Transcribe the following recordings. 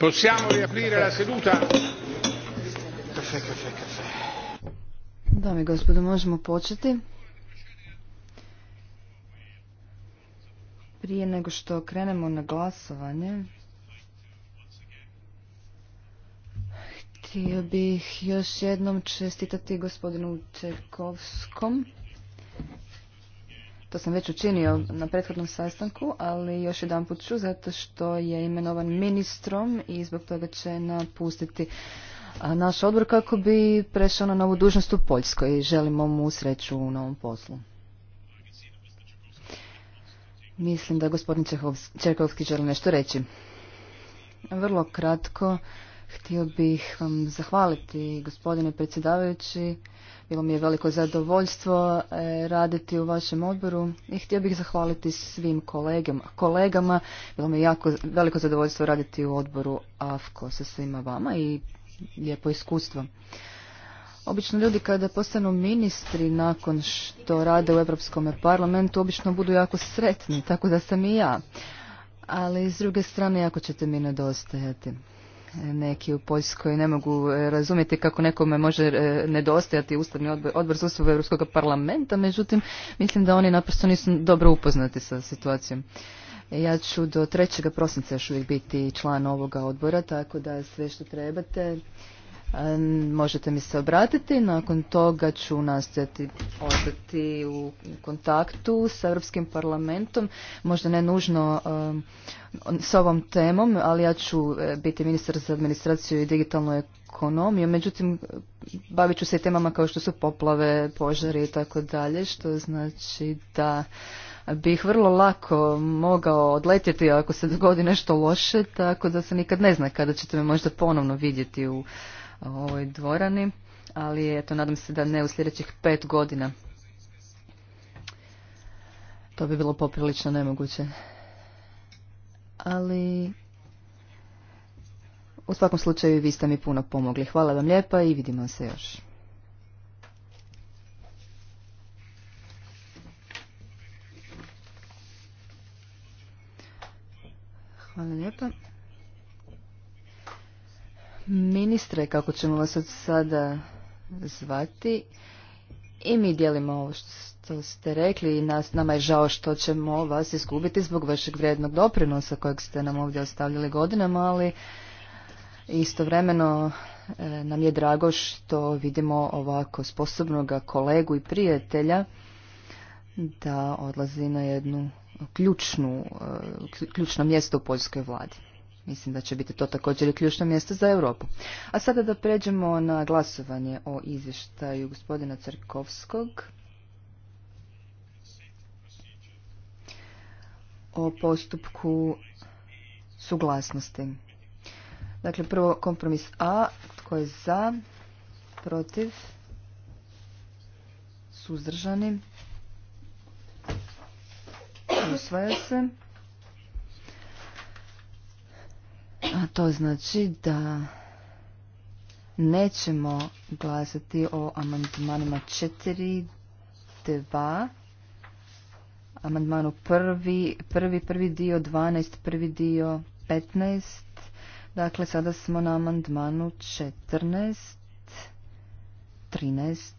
Possiamo riaprire la seduta? Dame i gospodo, možemo početi. Prije nego što krenemo na glasovanje, htio bih još jednom čestitati gospodinu Čekovskom. To sam već učinio na prethodnom sastanku, ali još jedan put ću zato što je imenovan ministrom i zbog toga će napustiti naš odbor kako bi prešao na novu dužnost u Poljskoj i želimo mu sreću u novom poslu. Mislim da gospodin Čerkovski želi nešto reći. Vrlo kratko, htio bih vam zahvaliti gospodine predsjedavajući bilo mi je veliko zadovoljstvo e, raditi u vašem odboru i htio bih zahvaliti svim kolegama. kolegama. Bilo mi je jako veliko zadovoljstvo raditi u odboru AFKO sa svima vama i lijepo iskustvo. Obično ljudi kada postanu ministri nakon što rade u Europskom parlamentu obično budu jako sretni, tako da sam i ja. Ali s druge strane jako ćete mi nedostajati neki u Poljskoj ne mogu e, razumjeti kako nekome može e, nedostajati ustavni odbor, odbor za ustav Europskog parlamenta, međutim mislim da oni naprosto nisu dobro upoznati sa situacijom. Ja ću do 3. prosinca još uvijek biti član ovoga odbora, tako da sve što trebate možete mi se obratiti. Nakon toga ću nastojati ostati u kontaktu sa Europskim parlamentom. Možda ne nužno s ovom temom, ali ja ću e, biti ministar za administraciju i digitalnu ekonomiju. Međutim, bavit ću se i temama kao što su poplave, požari i tako dalje, što znači da bih vrlo lako mogao odletjeti ako se dogodi nešto loše, tako da se nikad ne zna kada ćete me možda ponovno vidjeti u ovoj dvorani, ali eto, nadam se da ne u sljedećih pet godina. To bi bilo poprilično nemoguće. Ali u svakom slučaju vi ste mi puno pomogli. Hvala vam lijepa i vidimo se još. Hvala lijepa. Ministre, kako ćemo vas od sada zvati, i mi dijelimo ovo što ste rekli i nas, nama je žao što ćemo vas izgubiti zbog vašeg vrijednog doprinosa kojeg ste nam ovdje ostavljali godinama, ali istovremeno e, nam je drago što vidimo ovako sposobnog kolegu i prijatelja da odlazi na jednu ključnu, e, ključno mjesto u poljskoj vladi. Mislim da će biti to također i ključno mjesto za Europu. A sada da pređemo na glasovanje o izvještaju gospodina Crkovskog. O postupku suglasnosti. Dakle, prvo kompromis A, tko je za, protiv, suzdržani, usvaja se. A to znači da nećemo glasati o amandmanima 4, 2, amandmanu prvi, prvi, prvi dio, 12, prvi dio, 15. Dakle, sada smo na amandmanu 14, 13,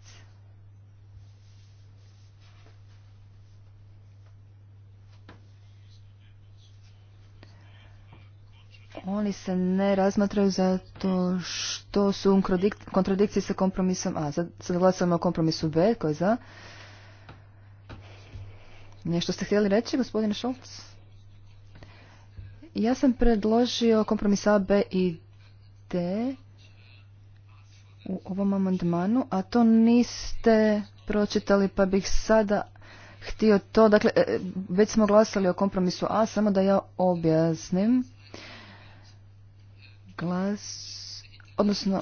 Oni se ne razmatraju zato što su u kontradikciji sa kompromisom A. Sad, glasujemo o kompromisu B, koji je za. Nešto ste htjeli reći, gospodine Šolc? Ja sam predložio kompromis A, B i D u ovom amandmanu, a to niste pročitali, pa bih sada htio to. Dakle, e, e, već smo glasali o kompromisu A, samo da ja objasnim glas, odnosno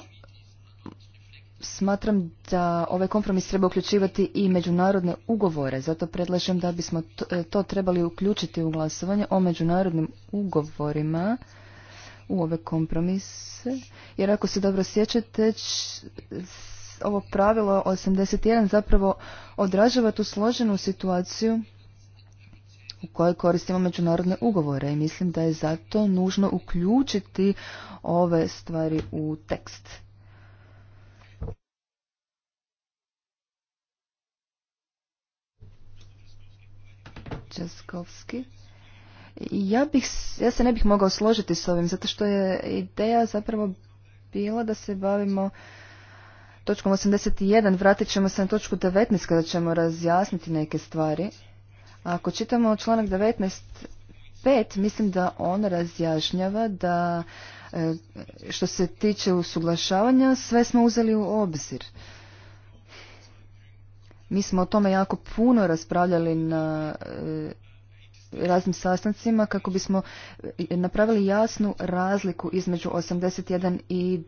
smatram da ovaj kompromis treba uključivati i međunarodne ugovore, zato predlažem da bismo to e, trebali uključiti u glasovanje o međunarodnim ugovorima u ove kompromise, jer ako se dobro sjećate, ovo pravilo 81 zapravo odražava tu složenu situaciju u kojoj koristimo međunarodne ugovore i mislim da je zato nužno uključiti ove stvari u tekst. Českovski. Ja, bih, ja se ne bih mogao složiti s ovim, zato što je ideja zapravo bila da se bavimo točkom 81, vratit ćemo se na točku 19 kada ćemo razjasniti neke stvari. Ako čitamo članak 19.5, mislim da on razjašnjava da e, što se tiče usuglašavanja, sve smo uzeli u obzir. Mi smo o tome jako puno raspravljali na e, raznim sastancima kako bismo napravili jasnu razliku između 81 i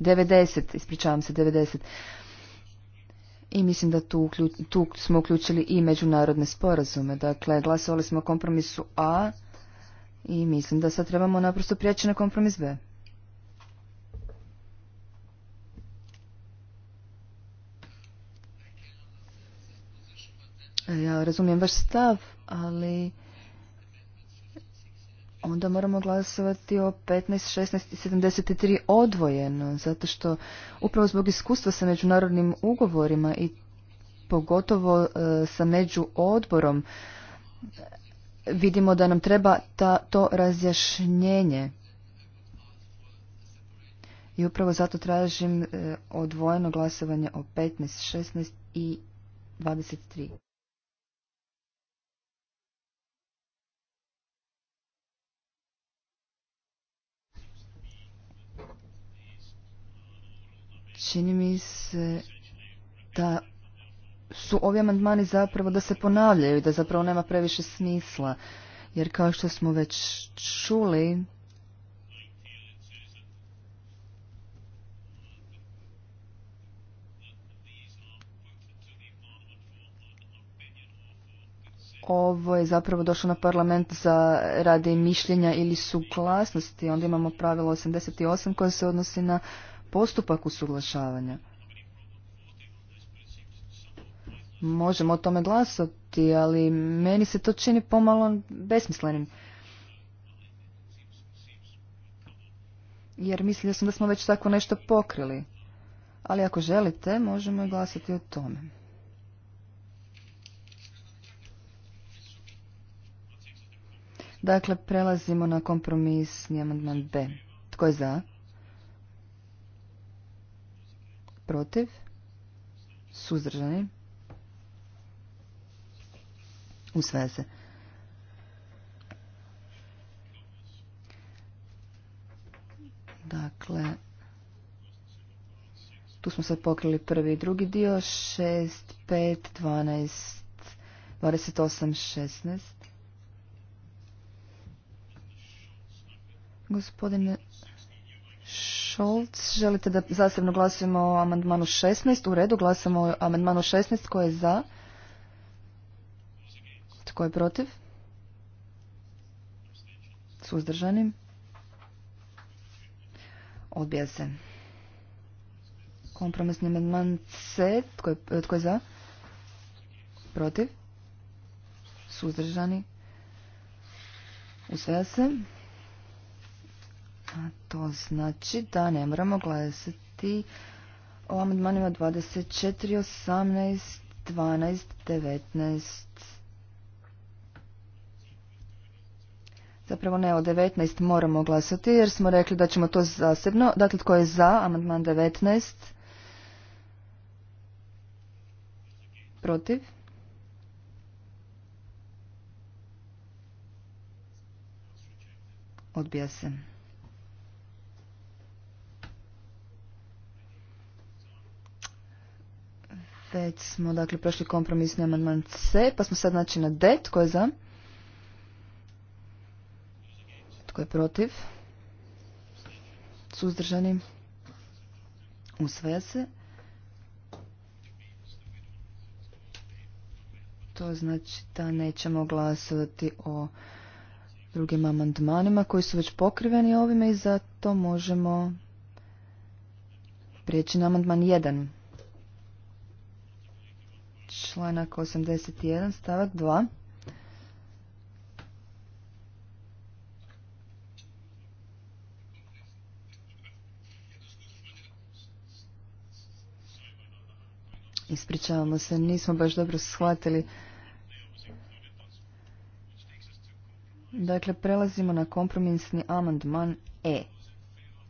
90, ispričavam se, 90 i mislim da tu, tu smo uključili i međunarodne sporazume. Dakle, glasovali smo o kompromisu A i mislim da sad trebamo naprosto prijeći na kompromis B. E, ja razumijem vaš stav, ali onda moramo glasovati o 15, 16 i 73 odvojeno, zato što upravo zbog iskustva sa međunarodnim ugovorima i pogotovo e, sa među odborom vidimo da nam treba to razjašnjenje. I upravo zato tražim e, odvojeno glasovanje o 15, 16 i 23. Čini mi se da su ovi amandmani zapravo da se ponavljaju i da zapravo nema previše smisla. Jer kao što smo već čuli, ovo je zapravo došlo na parlament za radi mišljenja ili suglasnosti. Onda imamo pravilo 88 koje se odnosi na postupak usuglašavanja. Možemo o tome glasati, ali meni se to čini pomalo besmislenim. Jer mislio sam da smo već tako nešto pokrili. Ali ako želite, možemo i glasati o tome. Dakle, prelazimo na kompromisni amandman B. Tko je za? protiv, suzdržani, u sveze. Dakle, tu smo sad pokrili prvi i drugi dio, 6, 5, 12, 28, 16. Gospodine Šolc, želite da zasebno glasujemo o amandmanu 16? U redu, glasamo o amandmanu 16. Ko je za? Tko je protiv? Suzdržani? Odbija se. Kompromisni amandman C. Tko je, e, tko je za? Protiv? Suzdržani? Usvaja se. A To znači da ne moramo glasati o amandmanima 24, 18, 12, 19. Zapravo ne, o 19 moramo glasati jer smo rekli da ćemo to zasebno. Dakle, tko je za amandman 19? Protiv? Odbija se. Već smo dakle prošli kompromisni amandman C, pa smo sad znači na D, tko je za? Tko je protiv? Suzdržani? Usvaja se. To znači da nećemo glasovati o drugim amandmanima koji su već pokriveni ovime i zato možemo prijeći na amandman 1 članak 81 stavak 2. Ispričavamo se, nismo baš dobro shvatili. Dakle, prelazimo na kompromisni amandman E.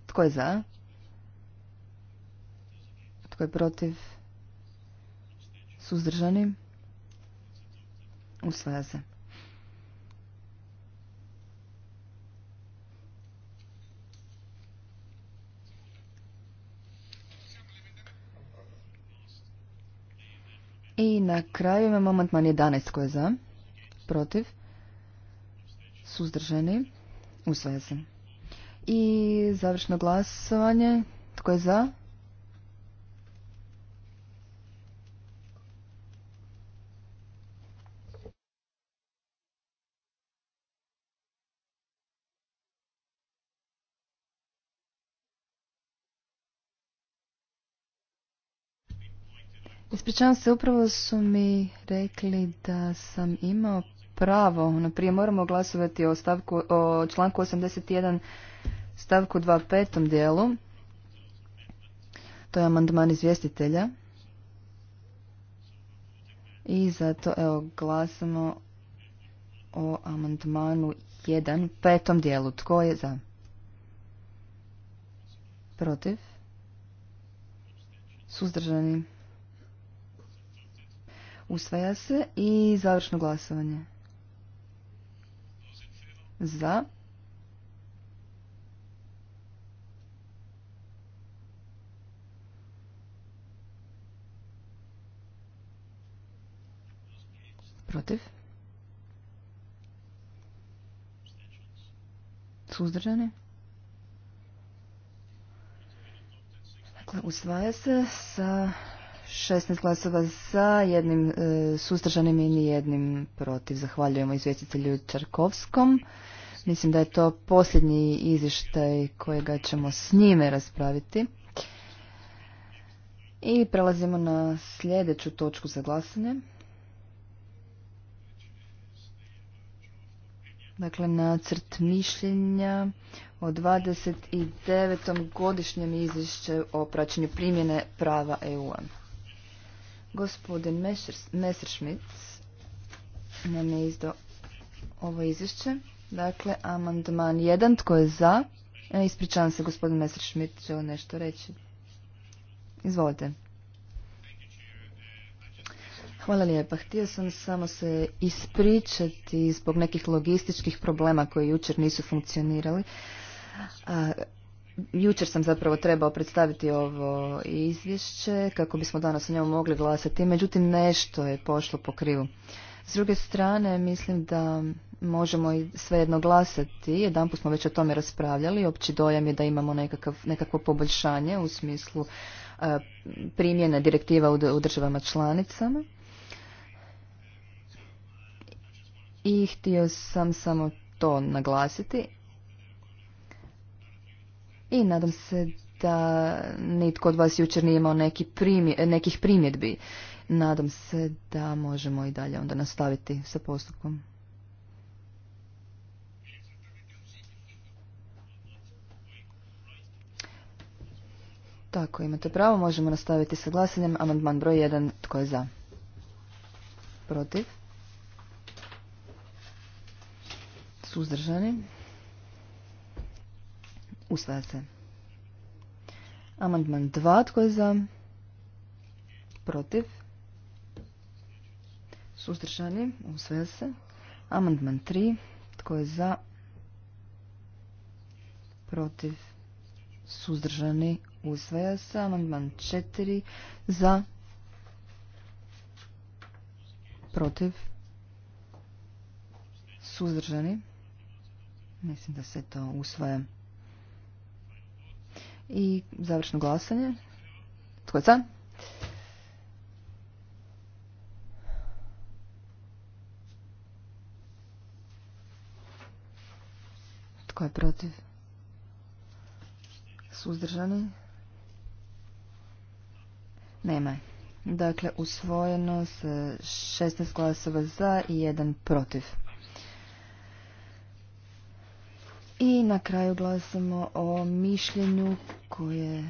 Tko je za? Tko je protiv? suzdržani, usvaja se. I na kraju imamo amantman 11 tko je za, protiv, suzdržani, usvaja se. I završno glasovanje, tko je za, Ispričavam se, upravo su mi rekli da sam imao pravo. na prije moramo glasovati o, stavku, o članku 81 stavku 2 petom dijelu. To je amandman izvjestitelja. I zato, evo, glasamo o amandmanu 1 petom dijelu. Tko je za? Protiv? Suzdržani? Usvaja se i završno glasovanje. Za. Protiv. Suzdržani. Dakle, usvaja se sa 16 glasova za, jednim e, i nijednim protiv. Zahvaljujemo izvjestitelju Čarkovskom. Mislim da je to posljednji izvještaj kojega ćemo s njime raspraviti. I prelazimo na sljedeću točku za glasanje. Dakle, nacrt mišljenja o 29. godišnjem izvješću o praćenju primjene prava EU-a. Gospodin Messerschmidt nam je izdao ovo izvješće. Dakle, amandman 1, tko je za? E, ispričavam se, gospodin Messerschmidt želi nešto reći. Izvolite. Hvala lijepa. Htio sam samo se ispričati zbog nekih logističkih problema koji jučer nisu funkcionirali. A, Jučer sam zapravo trebao predstaviti ovo izvješće kako bismo danas o njemu mogli glasati, međutim nešto je pošlo po krivu. S druge strane, mislim da možemo i svejedno glasati, jedan smo već o tome raspravljali, opći dojam je da imamo nekakav, nekakvo poboljšanje u smislu e, primjene direktiva u državama članicama. I htio sam samo to naglasiti, i nadam se da nitko od vas jučer nije imao neki primje, nekih primjedbi. Nadam se da možemo i dalje onda nastaviti sa postupkom. Tako, imate pravo, možemo nastaviti sa glasanjem. Amandman broj 1, tko je za? Protiv? Suzdržani? Usvaja se. Amandman 2. Tko je za? Protiv. Suzdržani. Usvaja se. Amandman 3. Tko je za? Protiv. Suzdržani. Usvaja se. Amandman 4. Za. Protiv. Suzdržani. Mislim da se to usvaja. I završno glasanje. Tko je za? Tko je protiv? Suzdržani? Nema. Dakle, usvojeno s 16 glasova za i jedan protiv. I na kraju glasamo o mišljenju koje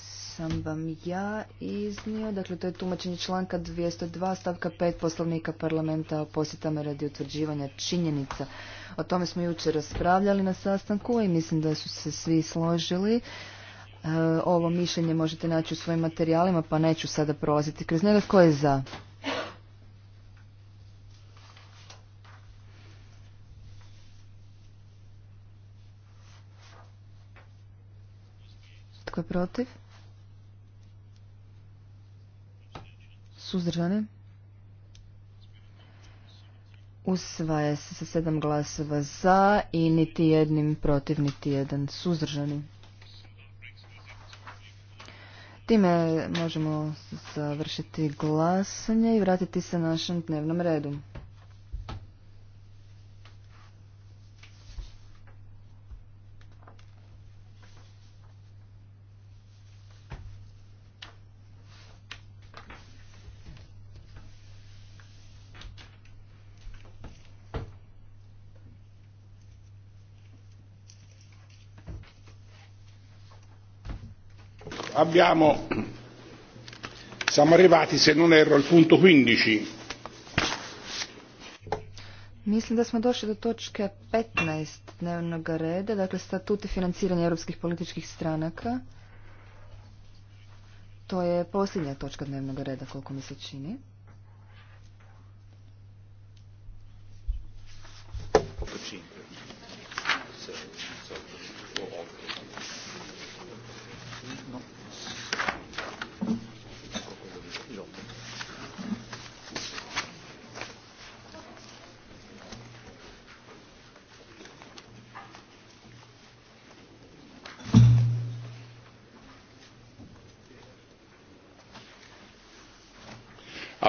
sam vam ja iznio. Dakle, to je tumačenje članka 202 stavka 5 poslovnika parlamenta o posjetama radi utvrđivanja činjenica. O tome smo jučer raspravljali na sastanku i mislim da su se svi složili. E, ovo mišljenje možete naći u svojim materijalima, pa neću sada prolaziti kroz njega. Tko je za? protiv? Suzdržani? Usvaja se sa sedam glasova za i niti jednim protiv, niti jedan suzdržani. Time možemo završiti glasanje i vratiti se našem dnevnom redu. abbiamo siamo arrivati se non erro al punto 15 Mislim da smo došli do točke 15 dnevnog reda, dakle statut financiranja europskih političkih stranaka. To je posljednja točka dnevnog reda, koliko mi se čini.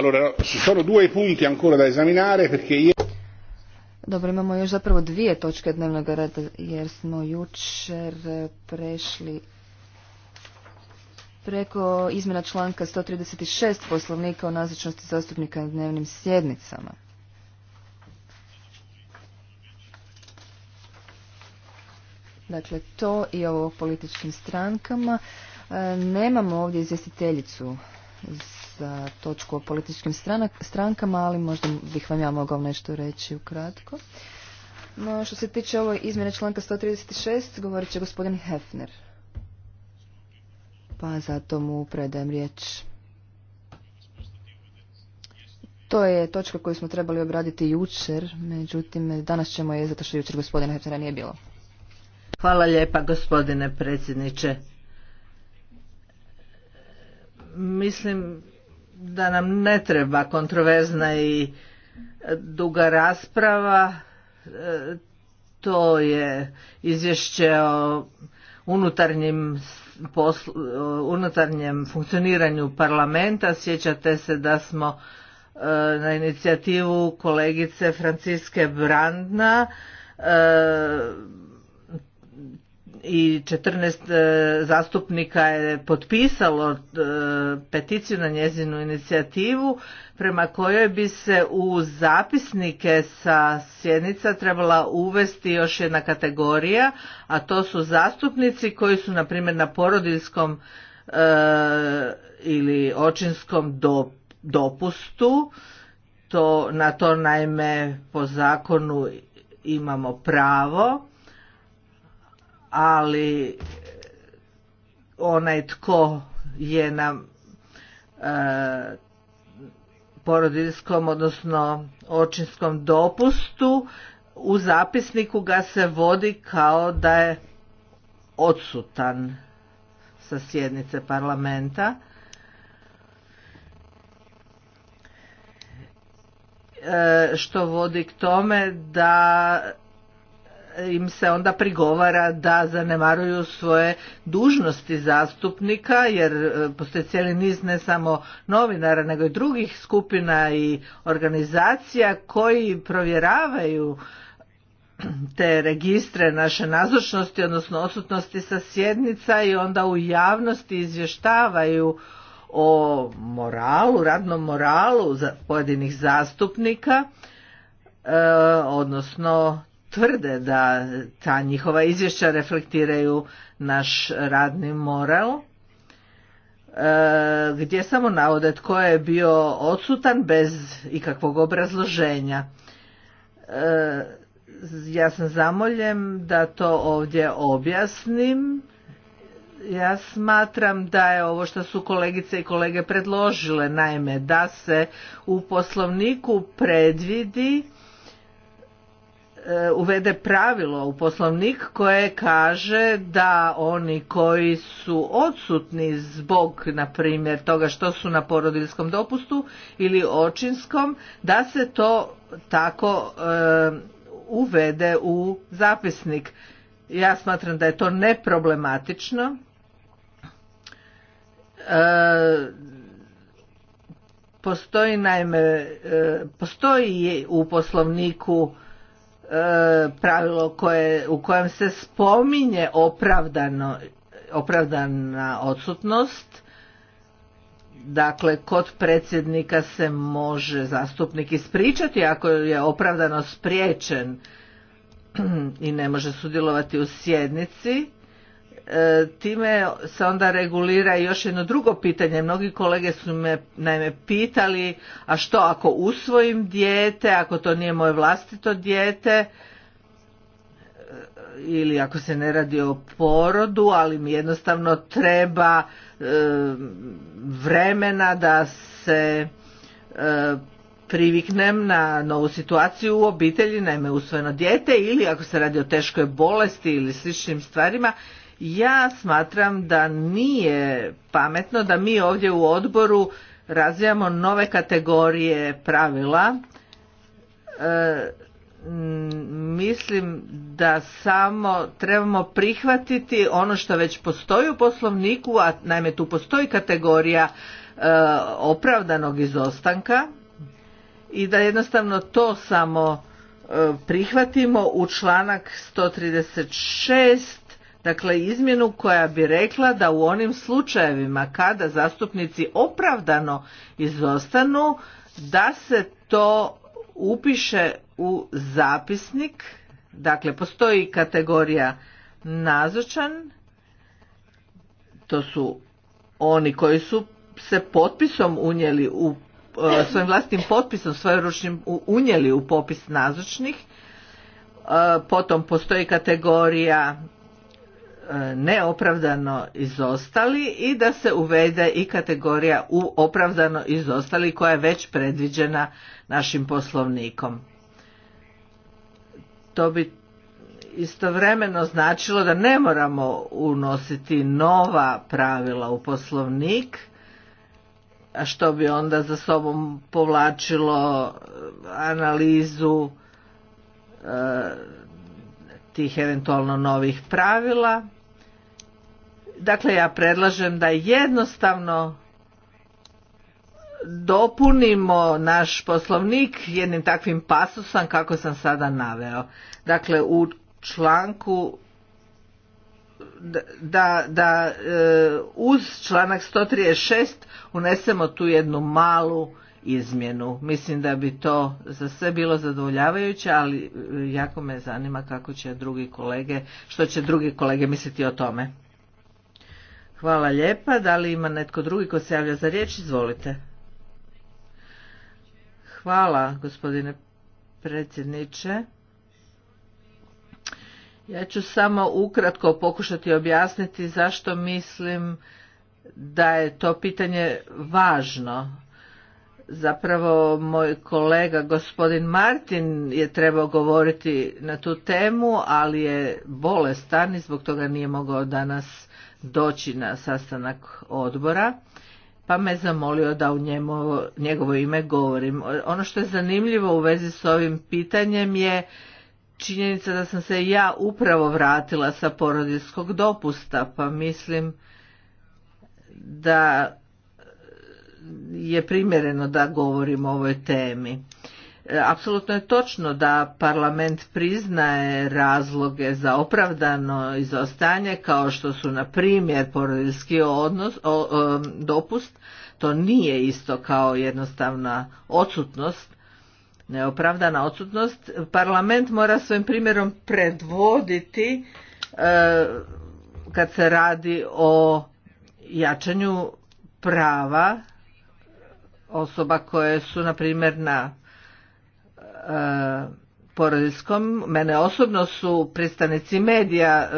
da Dobro, imamo još zapravo dvije točke dnevnog reda jer smo jučer prešli preko izmjena članka 136 poslovnika o nazočnosti zastupnika na dnevnim sjednicama. Dakle, to i ovo o političkim strankama. E, nemamo ovdje izvjestiteljicu za točku o političkim strankama, ali možda bih vam ja mogao nešto reći ukratko. No, što se tiče ovoj izmjene članka 136, govorit će gospodin Hefner. Pa zato mu predajem riječ. To je točka koju smo trebali obraditi jučer, međutim danas ćemo je zato što jučer gospodina Hefnera nije bilo. Hvala lijepa gospodine predsjedniče. Mislim da nam ne treba kontroverzna i duga rasprava. E, to je izvješće o unutarnjem poslu, unutarnjem funkcioniranju parlamenta. Sjećate se da smo e, na inicijativu kolegice Franciske Brandna e, i 14 e, zastupnika je potpisalo e, peticiju na njezinu inicijativu prema kojoj bi se u zapisnike sa sjednica trebala uvesti još jedna kategorija, a to su zastupnici koji su na primjer na porodiljskom e, ili očinskom dopustu, to, na to naime po zakonu imamo pravo ali eh, onaj tko je na e, porodiljskom odnosno očinskom dopustu u zapisniku ga se vodi kao da je odsutan sa sjednice parlamenta eh, što vodi k tome da im se onda prigovara da zanemaruju svoje dužnosti zastupnika jer e, postoji cijeli niz ne samo novinara nego i drugih skupina i organizacija koji provjeravaju te registre naše nazočnosti odnosno odsutnosti sa sjednica i onda u javnosti izvještavaju o moralu, radnom moralu pojedinih zastupnika, e, odnosno tvrde da ta njihova izvješća reflektiraju naš radni moral e, gdje samo navode tko je bio odsutan bez ikakvog obrazloženja. E, ja sam zamoljem da to ovdje objasnim. Ja smatram da je ovo što su kolegice i kolege predložile, naime da se u poslovniku predvidi E, uvede pravilo u poslovnik koje kaže da oni koji su odsutni zbog na primjer toga što su na porodiljskom dopustu ili očinskom da se to tako e, uvede u zapisnik ja smatram da je to neproblematično e, postoji naime e, postoji u poslovniku E, pravilo koje, u kojem se spominje opravdano, opravdana odsutnost dakle kod predsjednika se može zastupnik ispričati ako je opravdano spriječen i ne može sudjelovati u sjednici E, time se onda regulira još jedno drugo pitanje. Mnogi kolege su me naime pitali, a što ako usvojim dijete, ako to nije moje vlastito dijete, e, ili ako se ne radi o porodu, ali mi jednostavno treba e, vremena da se priviknem na novu situaciju u obitelji, naime usvojeno dijete ili ako se radi o teškoj bolesti ili sličnim stvarima, ja smatram da nije pametno da mi ovdje u odboru razvijamo nove kategorije pravila. E, mislim da samo trebamo prihvatiti ono što već postoji u poslovniku, a naime tu postoji kategorija e, opravdanog izostanka i da jednostavno to samo e, prihvatimo u članak 136 Dakle, izmjenu koja bi rekla da u onim slučajevima kada zastupnici opravdano izostanu, da se to upiše u zapisnik. Dakle, postoji kategorija nazočan, to su oni koji su se potpisom unijeli u e, svojim vlastnim potpisom svojeručnim unijeli u popis nazočnih. E, potom postoji kategorija E, neopravdano izostali i da se uvede i kategorija u opravdano izostali koja je već predviđena našim poslovnikom. To bi istovremeno značilo da ne moramo unositi nova pravila u poslovnik, a što bi onda za sobom povlačilo e, analizu e, tih eventualno novih pravila Dakle, ja predlažem da jednostavno dopunimo naš poslovnik jednim takvim pasusom kako sam sada naveo. Dakle, u članku da, da e, uz članak 136 unesemo tu jednu malu izmjenu. Mislim da bi to za sve bilo zadovoljavajuće, ali e, jako me zanima kako će drugi kolege, što će drugi kolege misliti o tome. Hvala lijepa. Da li ima netko drugi ko se javlja za riječ? Izvolite. Hvala gospodine predsjedniče. Ja ću samo ukratko pokušati objasniti zašto mislim da je to pitanje važno. Zapravo moj kolega gospodin Martin je trebao govoriti na tu temu, ali je bolestan i zbog toga nije mogao danas doći na sastanak odbora pa me zamolio da u njemu, njegovo ime govorim. Ono što je zanimljivo u vezi s ovim pitanjem je činjenica da sam se ja upravo vratila sa porodinskog dopusta, pa mislim da je primjereno da govorim o ovoj temi apsolutno je točno da parlament priznaje razloge za opravdano izostanje kao što su na primjer porodiljski odnos, dopust, to nije isto kao jednostavna odsutnost, neopravdana odsutnost. Parlament mora svojim primjerom predvoditi e, kad se radi o jačanju prava osoba koje su na primjer na E, porodiljskom. Mene osobno su predstavnici medija e,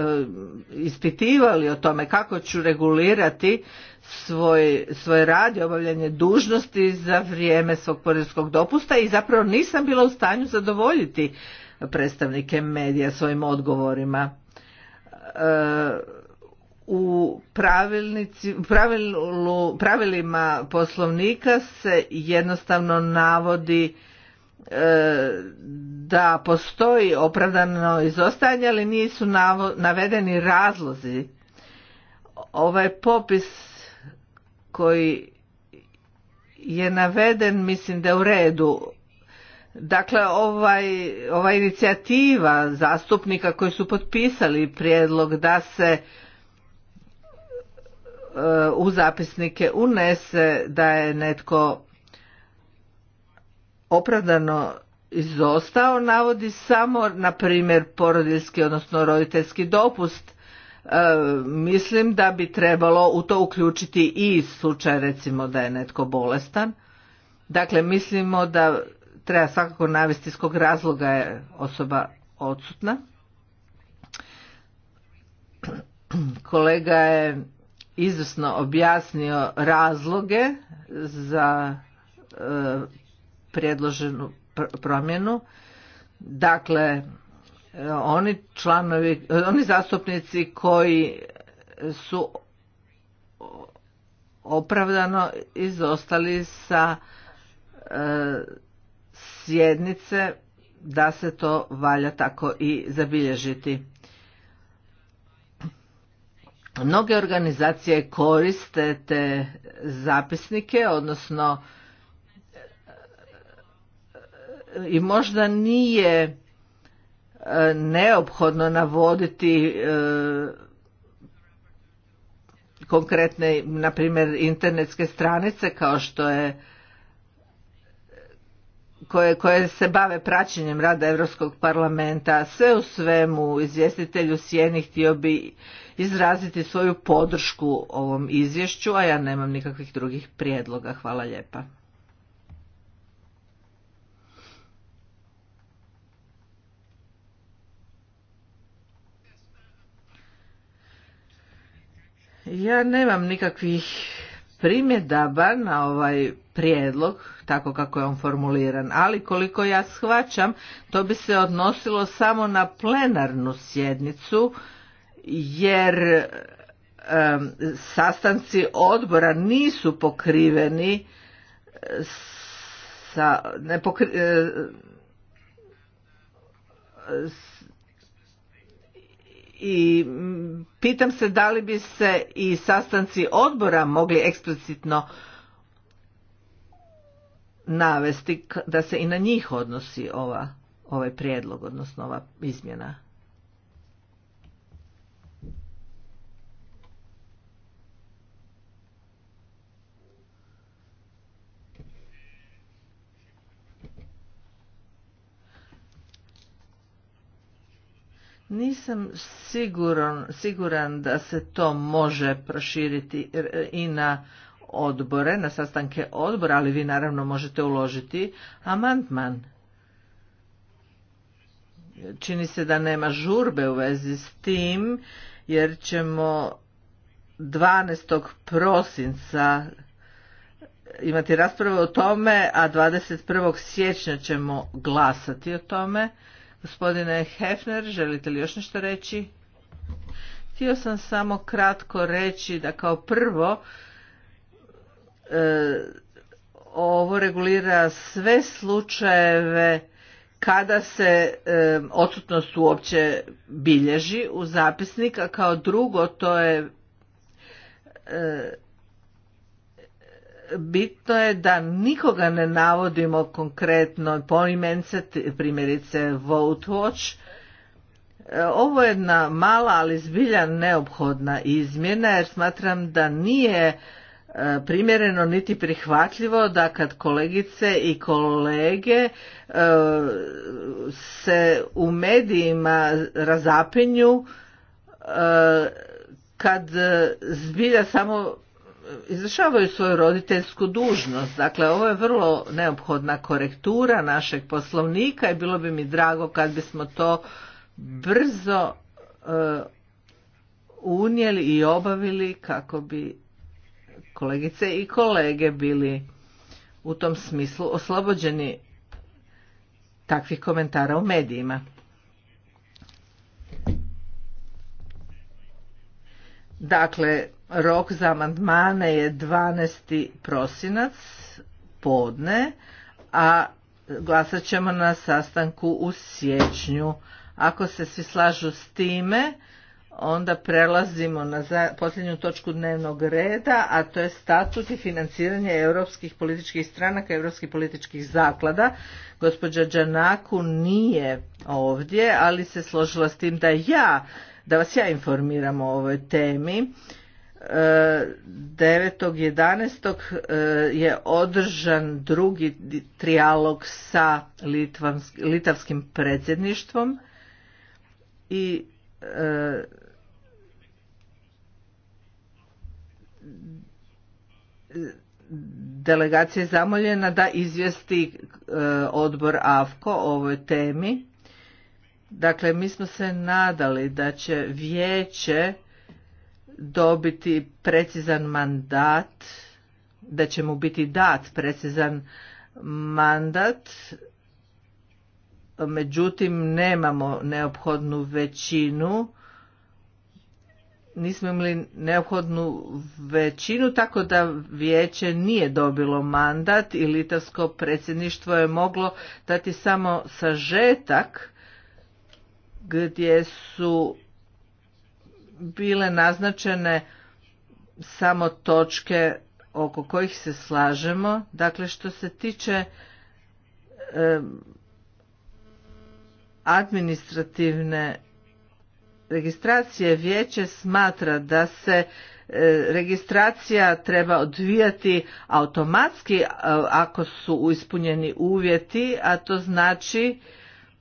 ispitivali o tome kako ću regulirati svoj, svoj rad i obavljanje dužnosti za vrijeme svog porodiljskog dopusta i zapravo nisam bila u stanju zadovoljiti predstavnike medija svojim odgovorima. E, u pravilima poslovnika se jednostavno navodi E, da postoji opravdano izostajanje, ali nisu navedeni razlozi. Ovaj popis koji je naveden, mislim da je u redu. Dakle, ovaj, ova inicijativa zastupnika koji su potpisali prijedlog da se e, u zapisnike unese da je netko opravdano izostao navodi samo na primjer porodiljski odnosno roditeljski dopust e, mislim da bi trebalo u to uključiti i slučaj recimo da je netko bolestan dakle mislimo da treba svakako navesti iz kog razloga je osoba odsutna kolega je izvrsno objasnio razloge za e, predloženu promjenu. Dakle, e, oni članovi, e, oni zastupnici koji su opravdano izostali sa e, sjednice da se to valja tako i zabilježiti. Mnoge organizacije koriste te zapisnike, odnosno i možda nije e, neophodno navoditi e, konkretne, na primjer, internetske stranice kao što je koje, koje se bave praćenjem rada Europskog parlamenta. Sve u svemu izvjestitelju Sjeni htio bi izraziti svoju podršku ovom izvješću, a ja nemam nikakvih drugih prijedloga. Hvala lijepa. Ja nemam nikakvih primjedaba na ovaj prijedlog, tako kako je on formuliran, ali koliko ja shvaćam, to bi se odnosilo samo na plenarnu sjednicu, jer sastanci odbora nisu pokriveni sa, ne e, i mm, pitam se da li bi se i sastanci odbora mogli eksplicitno navesti da se i na njih odnosi ovaj prijedlog, odnosno ova izmjena. Nisam siguran, siguran da se to može proširiti e, i na odbore, na sastanke odbora, ali vi naravno možete uložiti amandman. Čini se da nema žurbe u vezi s tim, jer ćemo 12. prosinca imati rasprave o tome, a 21. siječnja ćemo glasati o tome. Gospodine Hefner, želite li još nešto reći? Htio sam samo kratko reći da kao prvo e, ovo regulira sve slučajeve kada se e, odsutnost uopće bilježi u zapisnik, a kao drugo to je e, bitno je da nikoga ne navodimo konkretno imence primjerice Vote Watch. E, ovo je jedna mala, ali zbilja neophodna izmjena jer smatram da nije e, primjereno niti prihvatljivo da kad kolegice i kolege e, se u medijima razapinju kad zbilja samo izvršavaju svoju roditeljsku dužnost. Dakle, ovo je vrlo neophodna korektura našeg poslovnika i bilo bi mi drago kad bismo to brzo e, unijeli i obavili kako bi kolegice i kolege bili u tom smislu oslobođeni takvih komentara u medijima. Dakle, Rok za amandmane je 12. prosinac podne, a glasat ćemo na sastanku u siječnju. Ako se svi slažu s time, onda prelazimo na posljednju točku dnevnog reda, a to je statut i financiranje europskih političkih stranaka, europskih političkih zaklada. Gospođa Đanaku nije ovdje, ali se složila s tim da ja, da vas ja informiram o ovoj temi. 9.11. Eh, je održan drugi trijalog sa litavskim predsjedništvom i eh, delegacija je zamoljena da izvijesti eh, odbor AFKO o ovoj temi. Dakle, mi smo se nadali da će vijeće dobiti precizan mandat, da će mu biti dat precizan mandat, međutim nemamo neophodnu većinu, nismo imali neophodnu većinu, tako da vijeće nije dobilo mandat i litavsko predsjedništvo je moglo dati samo sažetak gdje su bile naznačene samo točke oko kojih se slažemo. Dakle, što se tiče administrativne registracije vijeće smatra da se e, registracija treba odvijati automatski ako su ispunjeni uvjeti, a to znači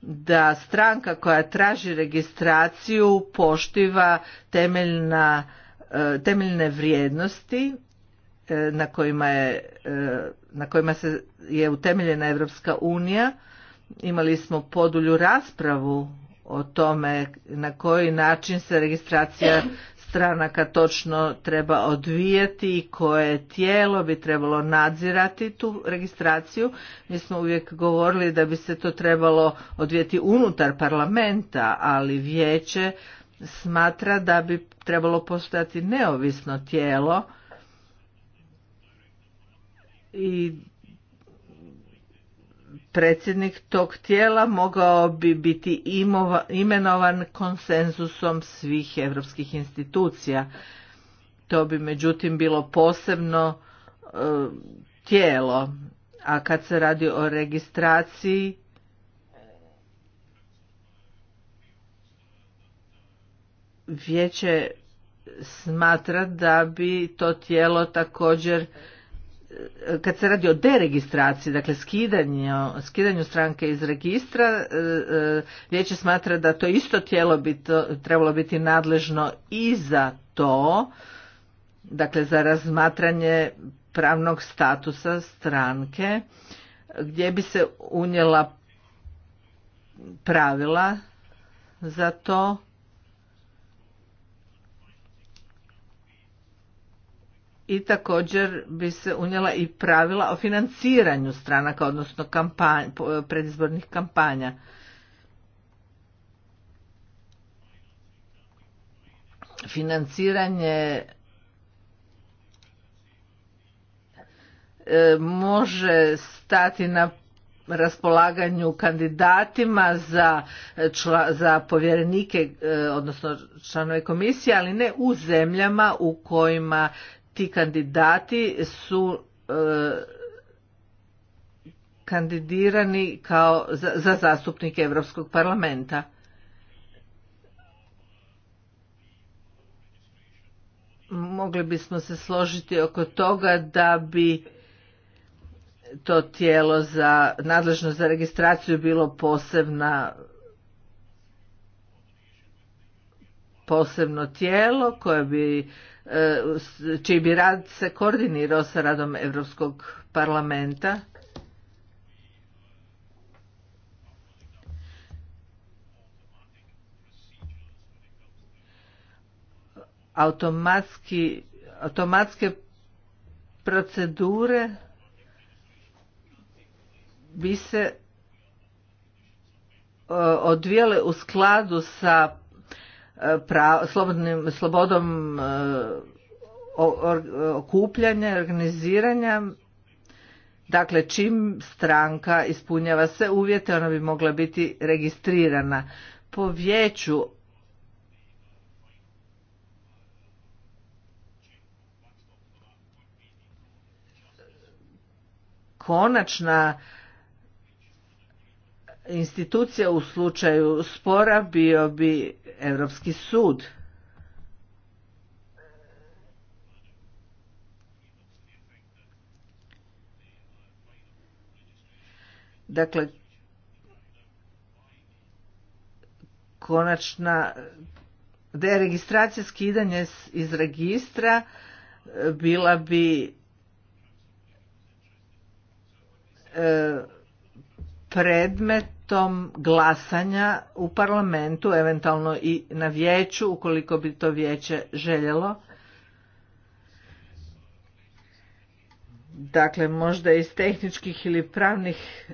da stranka koja traži registraciju poštiva temeljna, e, temeljne vrijednosti e, na kojima je e, na kojima se je utemeljena Europska unija imali smo podulju raspravu o tome na koji način se registracija stranaka točno treba odvijati i koje tijelo bi trebalo nadzirati tu registraciju. Mi smo uvijek govorili da bi se to trebalo odvijeti unutar parlamenta, ali vijeće smatra da bi trebalo postojati neovisno tijelo i predsjednik tog tijela mogao bi biti imenovan konsenzusom svih europskih institucija. To bi međutim bilo posebno e, tijelo, a kad se radi o registraciji vijeće smatra da bi to tijelo također kad se radi o deregistraciji, dakle skidanju, skidanju stranke iz registra, e, e, vijeće smatra da to isto tijelo bi trebalo biti nadležno i za to, dakle za razmatranje pravnog statusa stranke, gdje bi se unijela pravila za to i također bi se unijela i pravila o financiranju stranaka, odnosno kampanj, predizbornih kampanja. Financiranje e, može stati na raspolaganju kandidatima za, e, za povjerenike, e, odnosno članove komisije, ali ne u zemljama u kojima ti kandidati su e, kandidirani kao za, zastupnike Europskog parlamenta. Mogli bismo se složiti oko toga da bi to tijelo za nadležno za registraciju bilo posebna posebno tijelo koje bi E, čiji bi rad se koordinirao sa radom Europskog parlamenta. Automatski, automatske procedure bi se e, odvijale u skladu sa slobodom e, okupljanja, organiziranja. Dakle, čim stranka ispunjava sve uvjete, ona bi mogla biti registrirana. Po vijeću konačna institucija u slučaju spora bio bi Europski sud. Dakle, konačna da je skidanje iz registra e, bila bi e, predmetom glasanja u parlamentu, eventualno i na vijeću, ukoliko bi to vijeće željelo. Dakle, možda iz tehničkih ili pravnih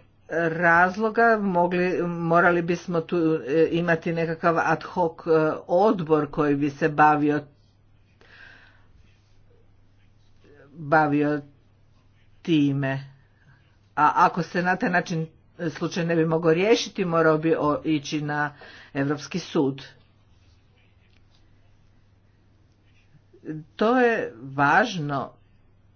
razloga mogli, morali bismo tu e, imati nekakav ad hoc e, odbor koji bi se bavio bavio time. A ako se na taj način slučaj ne bi mogao riješiti, morao bi ići na Europski sud. To je važno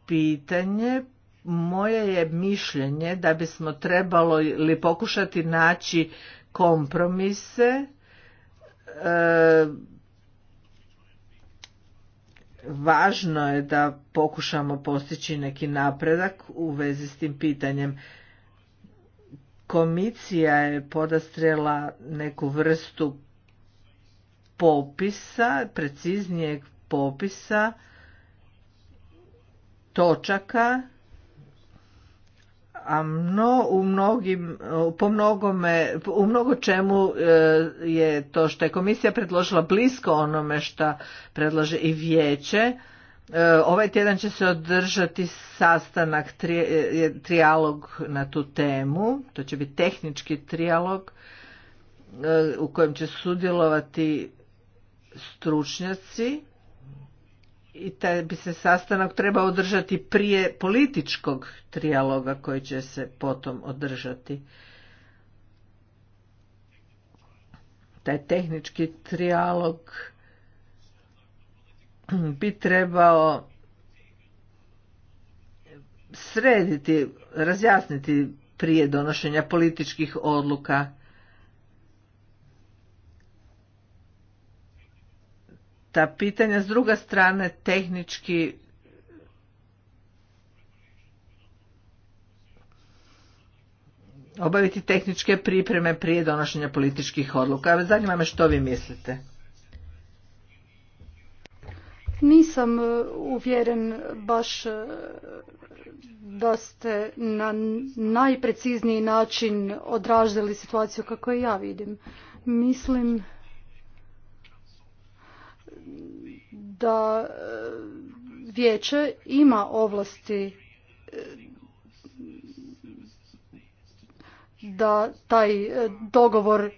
pitanje. Moje je mišljenje da bismo trebalo li pokušati naći kompromise e, važno je da pokušamo postići neki napredak u vezi s tim pitanjem komisija je podastrela neku vrstu popisa, preciznijeg popisa točaka, a mno, u mnogim, po mnogome, u mnogo čemu e, je to što je komisija predložila blisko onome što predlaže i vijeće, E, ovaj tjedan će se održati sastanak e, trijalog na tu temu, to će biti tehnički trijalog e, u kojem će sudjelovati stručnjaci i taj bi se sastanak trebao održati prije političkog trijaloga koji će se potom održati. Taj tehnički trijalog bi trebao srediti, razjasniti prije donošenja političkih odluka. Ta pitanja s druga strane tehnički obaviti tehničke pripreme prije donošenja političkih odluka. Zanima me što vi mislite. Nisam e, uvjeren baš e, da ste na najprecizniji način odraždali situaciju kako je ja vidim. Mislim da e, vijeće ima ovlasti da taj dogovor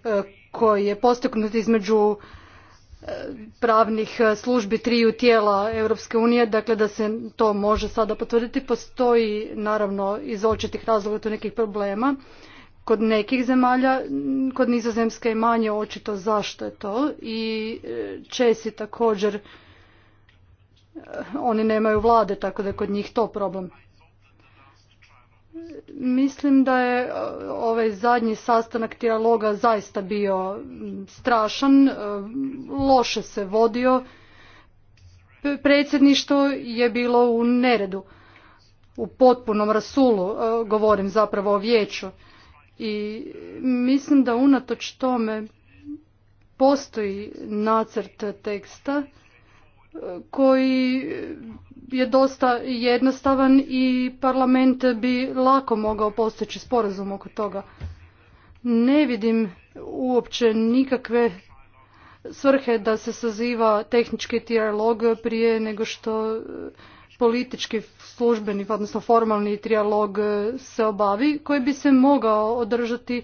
koji je postignut između pravnih e, službi triju tijela Europske unije, dakle da se to može sada potvrditi. Postoji naravno iz očitih razloga tu nekih problema kod nekih zemalja, kod nizozemske je manje očito zašto je to i e, Česi također e, oni nemaju vlade, tako da je kod njih to problem. Mislim da je e, ovaj zadnji sastanak dijaloga zaista bio strašan, e, loše se vodio, predsjedništvo je bilo u neredu, u potpunom rasulu, e, govorim zapravo o vijeću. I mislim da unatoč tome postoji nacrt teksta koji je dosta jednostavan i parlament bi lako mogao postići sporazum oko toga. Ne vidim uopće nikakve svrhe da se saziva tehnički trijalog prije nego što e, politički službeni, odnosno formalni trialog e, se obavi, koji bi se mogao održati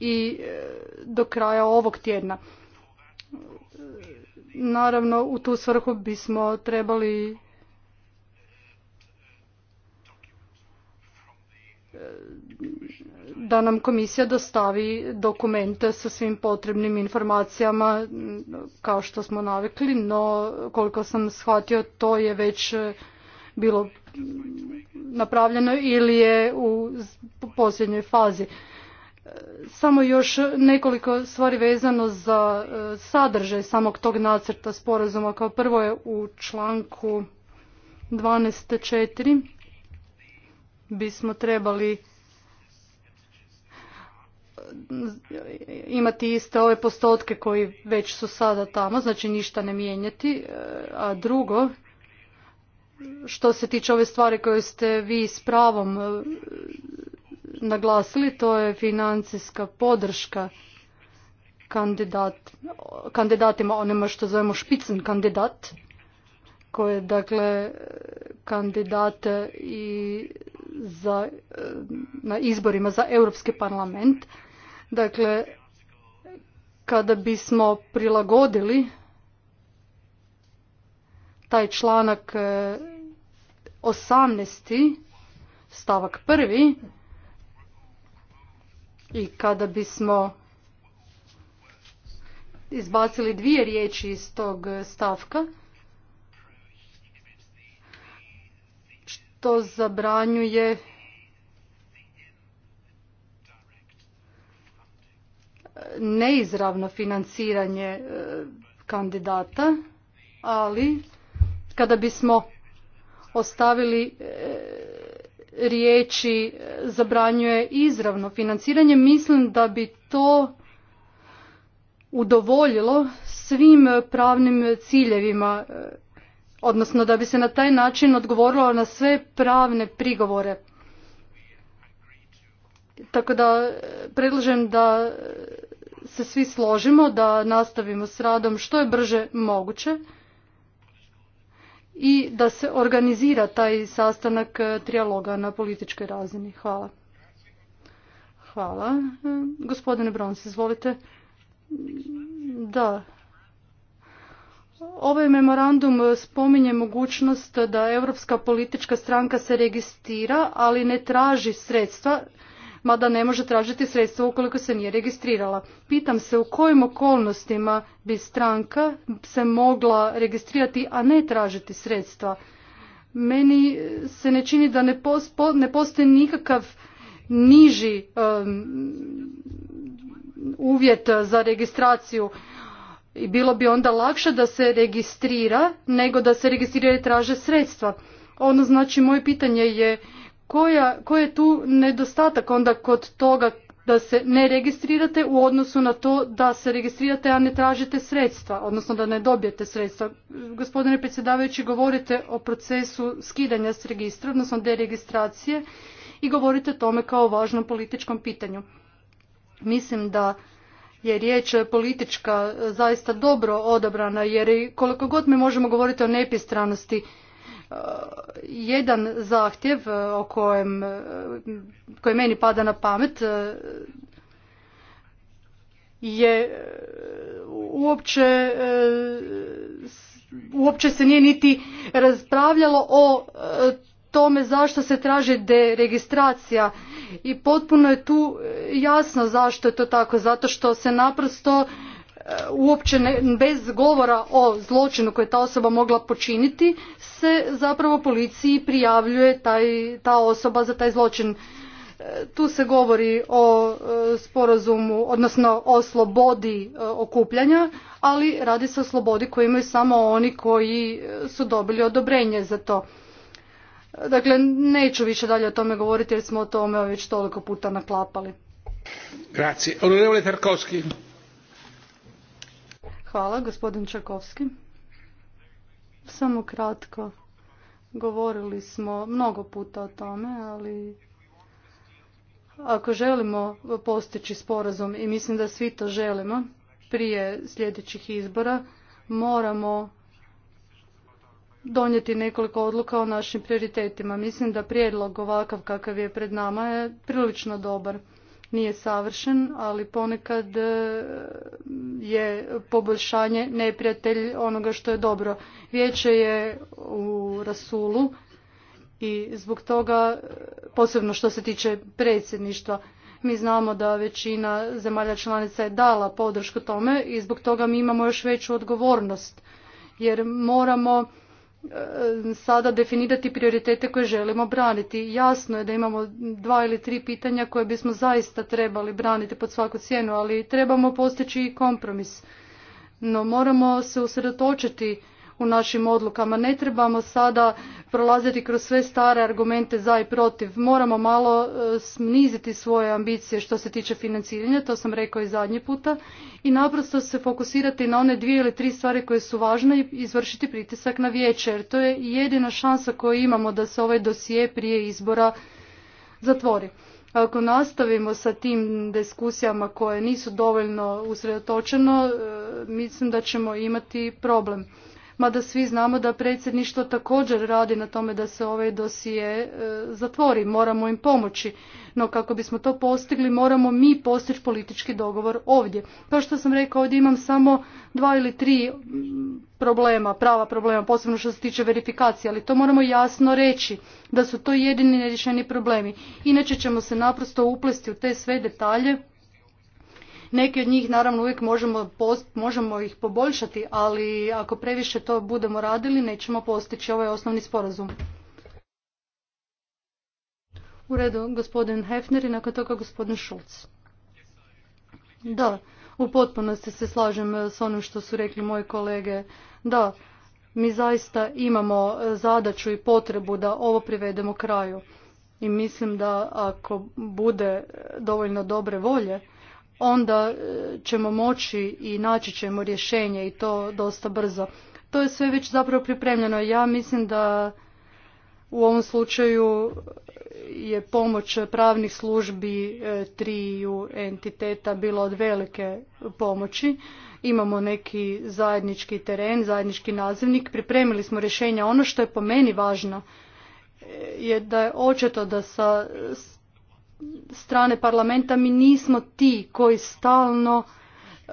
i e, do kraja ovog tjedna. Naravno, u tu svrhu bismo trebali da nam komisija dostavi dokumente sa svim potrebnim informacijama kao što smo navikli, no koliko sam shvatio to je već e, bilo napravljeno ili je u posljednjoj fazi. E, samo još nekoliko stvari vezano za e, sadržaj samog tog nacrta sporazuma. Kao prvo je u članku 12.4 bismo trebali imati iste ove postotke koji već su sada tamo, znači ništa ne mijenjati. E, a drugo, što se tiče ove stvari koje ste vi s pravom e, naglasili, to je financijska podrška kandidatima, onima što zovemo špicen kandidat koje dakle kandidate i za, eh, na izborima za Europski parlament. Dakle, kada bismo prilagodili taj članak 18. Eh, stavak 1. i kada bismo izbacili dvije riječi iz tog eh, stavka, to zabranjuje neizravno financiranje e, kandidata, ali kada bismo ostavili e, riječi e, zabranjuje izravno financiranje, mislim da bi to udovoljilo svim pravnim ciljevima odnosno da bi se na taj način odgovorilo na sve pravne prigovore. Tako da e, predlažem da se svi složimo, da nastavimo s radom što je brže moguće i da se organizira taj sastanak e, trijaloga na političkoj razini. Hvala. Hvala. E, gospodine Brons, izvolite. Da, Ovaj memorandum eh, spominje mogućnost da Europska politička stranka se registrira, ali ne traži sredstva, mada ne može tražiti sredstva ukoliko se nije registrirala. Pitam se u kojim okolnostima bi stranka se mogla registrirati, a ne tražiti sredstva. Meni eh, se ne čini da ne, postoji nikakav niži uvjet za registraciju i bilo bi onda lakše da se registrira nego da se registrira i traže sredstva. Ono znači moje pitanje je koja, koji je tu nedostatak onda kod toga da se ne registrirate u odnosu na to da se registrirate, a ne tražite sredstva, odnosno da ne dobijete sredstva. Gospodine predsjedavajući, govorite o procesu skidanja s registra, odnosno deregistracije i govorite o tome kao o važnom političkom pitanju. Mislim da je riječ politička zaista dobro odabrana jer koliko god mi možemo govoriti o nepistranosti e, jedan zahtjev e, o kojem e, koji meni pada na pamet je uopće uopće se nije niti raspravljalo o tome zašto se traži deregistracija i potpuno je tu e, jasno zašto je to tako zato što se naprosto e, uopće bez govora o zločinu koji je ta osoba mogla počiniti se zapravo policiji prijavljuje taj, ta osoba za taj zločin e, tu se govori o sporazumu, odnosno o slobodi okupljanja, ali radi se o slobodi koju imaju samo oni koji su dobili odobrenje za to. Dakle, neću više dalje o tome govoriti jer smo o tome već toliko puta naklapali. Hvala, gospodin Čakovski. Samo kratko. Govorili smo mnogo puta o tome, ali ako želimo postići sporazum i mislim da svi to želimo prije sljedećih izbora, moramo donijeti nekoliko odluka o našim prioritetima. Mislim da prijedlog ovakav kakav je pred nama je prilično dobar. Nije savršen, ali ponekad e, je poboljšanje neprijatelj onoga što je dobro. Vijeće je u rasulu i zbog toga, e, posebno što se tiče predsjedništva, mi znamo da većina zemalja članica je dala podršku tome i zbog toga mi imamo još veću odgovornost jer moramo E, sada definirati prioritete koje želimo braniti. Jasno je da imamo dva ili tri pitanja koje bismo zaista trebali braniti pod svaku cijenu, ali trebamo postići i kompromis. No moramo se usredotočiti u našim odlukama. Ne trebamo sada prolaziti kroz sve stare argumente za i protiv. Moramo malo e, sniziti svoje ambicije što se tiče financiranja, to sam rekao i zadnji puta, i naprosto se fokusirati na one dvije ili tri stvari koje su važne i izvršiti pritisak na vijeće, jer to je jedina šansa koju imamo da se ovaj dosije prije izbora zatvori. Ako nastavimo sa tim diskusijama koje nisu dovoljno usredotočeno, e, mislim da ćemo imati problem mada svi znamo da predsjedništvo također radi na tome da se ovaj dosije e, zatvori. Moramo im pomoći, no kako bismo to postigli moramo mi postići politički dogovor ovdje. Kao što sam rekao, ovdje imam samo dva ili tri problema, prava problema, posebno što se tiče verifikacije, ali to moramo jasno reći, da su to jedini nerješeni problemi. Inače ćemo se naprosto uplesti u te sve detalje neki od njih naravno uvijek možemo, možemo ih poboljšati, ali ako previše to budemo radili nećemo postići ovaj osnovni sporazum. U redu, gospodin Hefner i nakon toga gospodin Šulc. Da, u potpunosti se slažem e, s onim što su rekli moji kolege. Da, mi zaista imamo e, zadaću i potrebu da ovo privedemo kraju. I mislim da ako bude e, dovoljno dobre volje, onda e, ćemo moći i naći ćemo rješenje i to dosta brzo. To je sve već zapravo pripremljeno. Ja mislim da u ovom slučaju je pomoć pravnih službi e, triju entiteta bila od velike pomoći. Imamo neki zajednički teren, zajednički nazivnik. Pripremili smo rješenja. Ono što je po meni važno e, je da je očito da sa strane parlamenta mi nismo ti koji stalno e,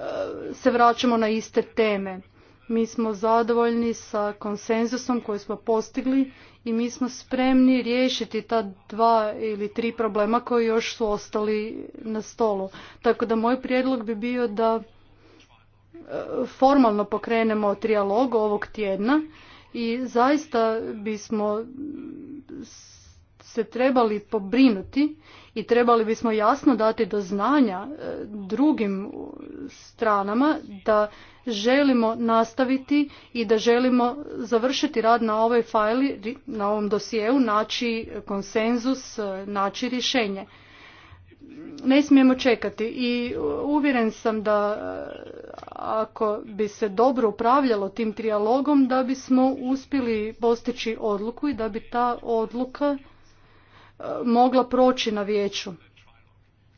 se vraćamo na iste teme. Mi smo zadovoljni sa konsenzusom koji smo postigli i mi smo spremni riješiti ta dva ili tri problema koji još su ostali na stolu. Tako da moj prijedlog bi bio da e, formalno pokrenemo trijalog ovog tjedna i zaista bismo se trebali pobrinuti i trebali bismo jasno dati do znanja e, drugim stranama da želimo nastaviti i da želimo završiti rad na ovoj fajli, na ovom dosijeu, naći konsenzus, e, naći rješenje. Ne smijemo čekati i uvjeren sam da e, ako bi se dobro upravljalo tim trijalogom da bismo uspjeli postići odluku i da bi ta odluka mogla proći na vijeću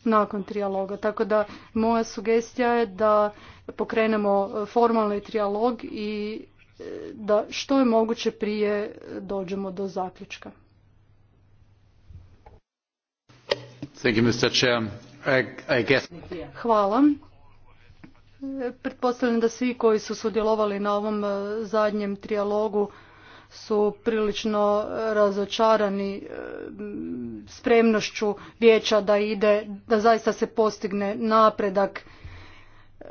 nakon trijaloga. Tako da moja sugestija je da pokrenemo formalni trijalog i e, da što je moguće prije dođemo do zaključka. Hvala. E, pretpostavljam da svi koji su sudjelovali na ovom e, zadnjem trijalogu su prilično e, razočarani e, spremnošću vijeća da ide, da zaista se postigne napredak. E,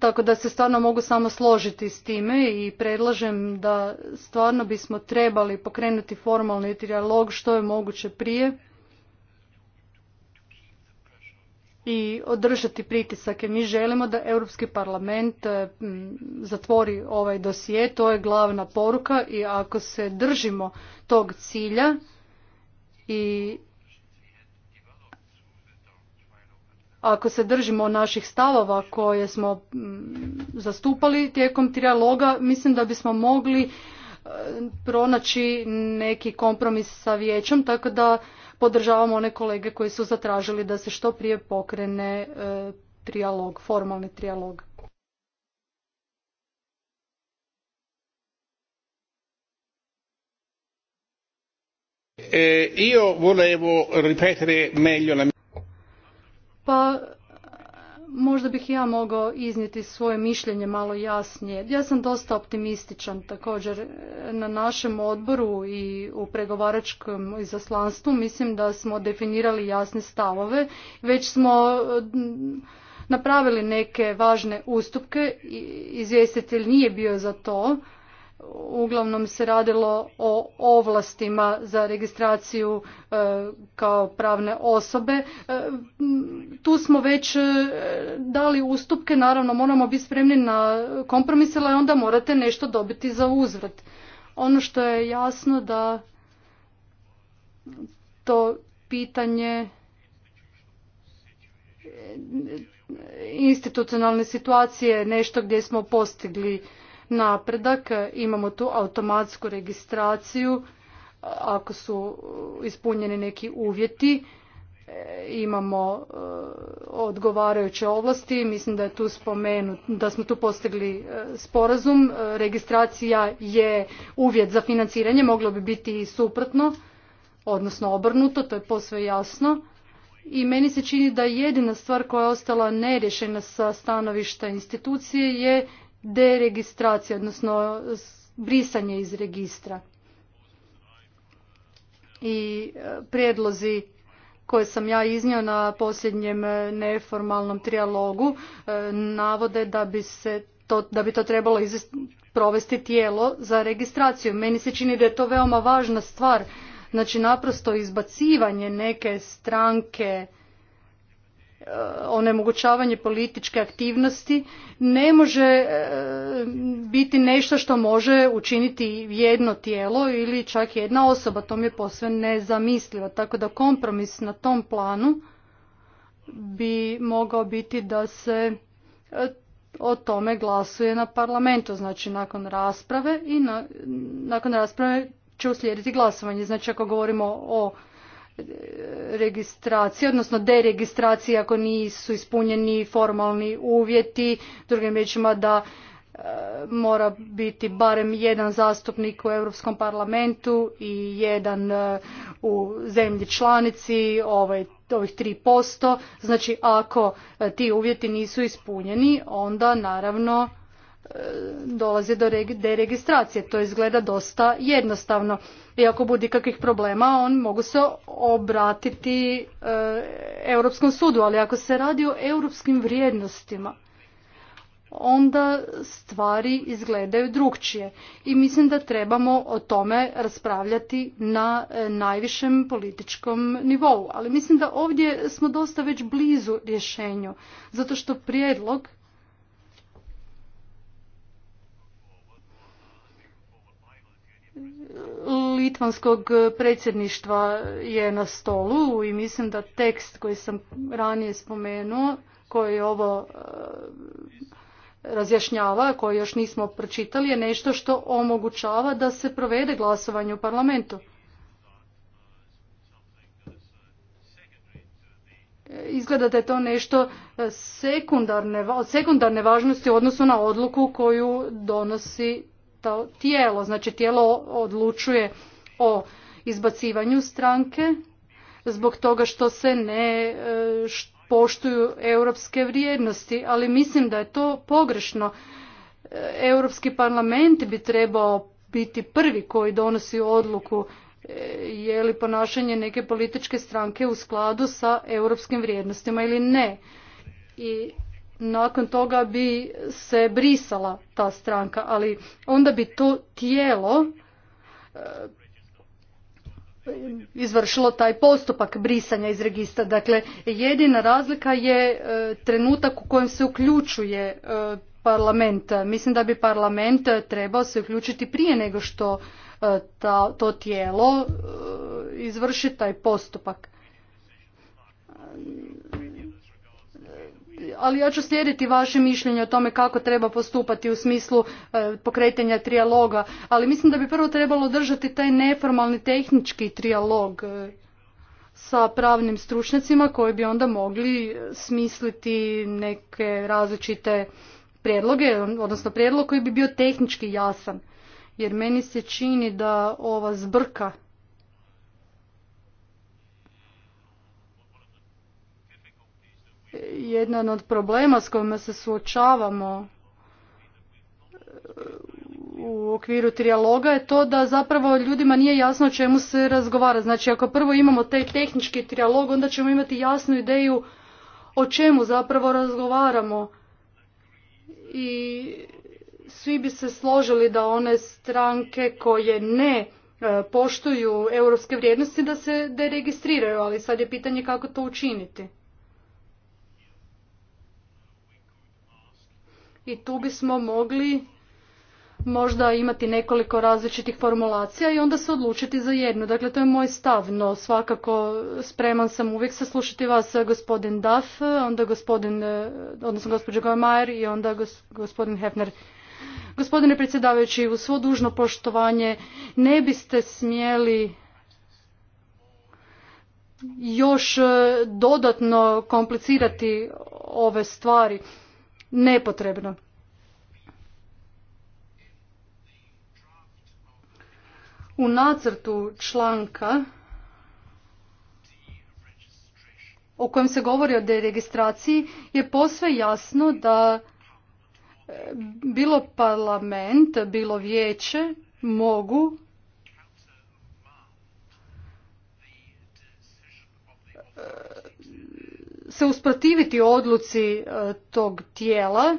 tako da se stvarno mogu samo složiti s time i predlažem da stvarno bismo trebali pokrenuti formalni trijalog što je moguće prije i održati jer Mi želimo da Europski parlament eh, zatvori ovaj dosije, to je glavna poruka i ako se držimo tog cilja i ako se držimo naših stavova koje smo zastupali tijekom trijaloga, mislim da bismo mogli eh, pronaći neki kompromis sa Vijećom tako da podržavam one kolege koji su zatražili da se što prije pokrene e, trijalog, formalni trijalog. E, io volevo ripetere pa Možda bih ja mogao iznijeti svoje mišljenje malo jasnije. Ja sam dosta optimističan također e, na našem odboru i u pregovaračkom izaslanstvu. Mislim da smo definirali jasne stavove. Već smo e, napravili neke važne ustupke. Izvjestitelj nije bio za to, uglavnom se radilo o ovlastima za registraciju e, kao pravne osobe. E, tu smo već e, dali ustupke, naravno moramo biti spremni na kompromise, ali onda morate nešto dobiti za uzvrat. Ono što je jasno da to pitanje institucionalne situacije je nešto gdje smo postigli napredak. Imamo tu automatsku registraciju e, ako su ispunjeni neki uvjeti. E, imamo e, odgovarajuće ovlasti. Mislim da je tu spomenut, da smo tu postigli sporazum. Registracija je uvjet za financiranje. Moglo bi biti i suprotno, odnosno obrnuto. To je posve jasno i meni se čini da jedina stvar koja je ostala nerješena sa stanovišta institucije je deregistracija, odnosno brisanje iz registra. I e, prijedlozi koje sam ja iznio na posljednjem e, neformalnom trialogu e, navode da bi se to, da bi to trebalo provesti tijelo za registraciju. Meni se čini da je to veoma važna stvar. Znači naprosto izbacivanje neke stranke Eh, onemogućavanje političke aktivnosti ne može eh, biti nešto što može učiniti jedno tijelo ili čak jedna osoba. To mi je posve nezamislivo. Tako da kompromis na tom planu bi mogao biti da se eh, o tome glasuje na parlamentu. Znači nakon rasprave i nakon rasprave će uslijediti glasovanje. Znači ako govorimo o registracije, odnosno deregistracije ako nisu ispunjeni formalni uvjeti, drugim riječima da e, mora biti barem jedan zastupnik u Europskom parlamentu i jedan e, u zemlji članici ovaj, ovih 3%. Znači ako e, ti uvjeti nisu ispunjeni onda naravno dolazi do deregistracije. To izgleda dosta jednostavno. I ako bude kakvih problema, on mogu se obratiti e, Europskom sudu. Ali ako se radi o europskim vrijednostima, onda stvari izgledaju drugčije. I mislim da trebamo o tome raspravljati na e, najvišem političkom nivou. Ali mislim da ovdje smo dosta već blizu rješenju. Zato što prijedlog litvanskog predsjedništva je na stolu i mislim da tekst koji sam ranije spomenuo, koji ovo e, razjašnjava, koji još nismo pročitali, je nešto što omogućava da se provede glasovanje u parlamentu. Izgleda da je to nešto e, sekundarne, sekundarne važnosti u odnosu na odluku koju donosi to tijelo. Znači tijelo odlučuje o izbacivanju stranke zbog toga što se ne e, poštuju europske vrijednosti, ali mislim da je to pogrešno. E, Europski parlament bi trebao biti prvi koji donosi odluku e, je li ponašanje neke političke stranke u skladu sa europskim vrijednostima ili ne. I nakon toga bi se brisala ta stranka, ali onda bi to tijelo e, izvršilo taj postupak brisanja iz registra. Dakle, jedina razlika je e, trenutak u kojem se uključuje e, parlament. Mislim da bi parlament trebao se uključiti prije nego što ta, to tijelo izvrši taj postupak ali ja ću slijediti vaše mišljenje o tome kako treba postupati u smislu e, pokretanja trijaloga, ali mislim da bi prvo trebalo držati taj neformalni tehnički trijalog e, sa pravnim stručnjacima koji bi onda mogli smisliti neke različite prijedloge, odnosno prijedlog koji bi bio tehnički jasan. Jer meni se čini da ova zbrka jedan od problema s kojima se suočavamo e, u okviru trijaloga je to da zapravo ljudima nije jasno o čemu se razgovara. Znači ako prvo imamo taj tehnički trijalog onda ćemo imati jasnu ideju o čemu zapravo razgovaramo. I svi bi se složili da one stranke koje ne e, poštuju europske vrijednosti da se deregistriraju, ali sad je pitanje kako to učiniti. i tu bismo mogli možda imati nekoliko različitih formulacija i onda se odlučiti za jednu. Dakle, to je moj stav, no svakako spreman sam uvijek saslušati vas eh, gospodin Duff, eh, onda gospodin, eh, odnosno gospođa Gojmajer i onda gospodin Hefner. Gospodine predsjedavajući, u svo dužno poštovanje ne biste smjeli još dodatno komplicirati ove stvari nepotrebno. U nacrtu članka o kojem se govori o deregistraciji je posve jasno da e, bilo parlament, bilo vijeće mogu se usprotiviti odluci e, tog tijela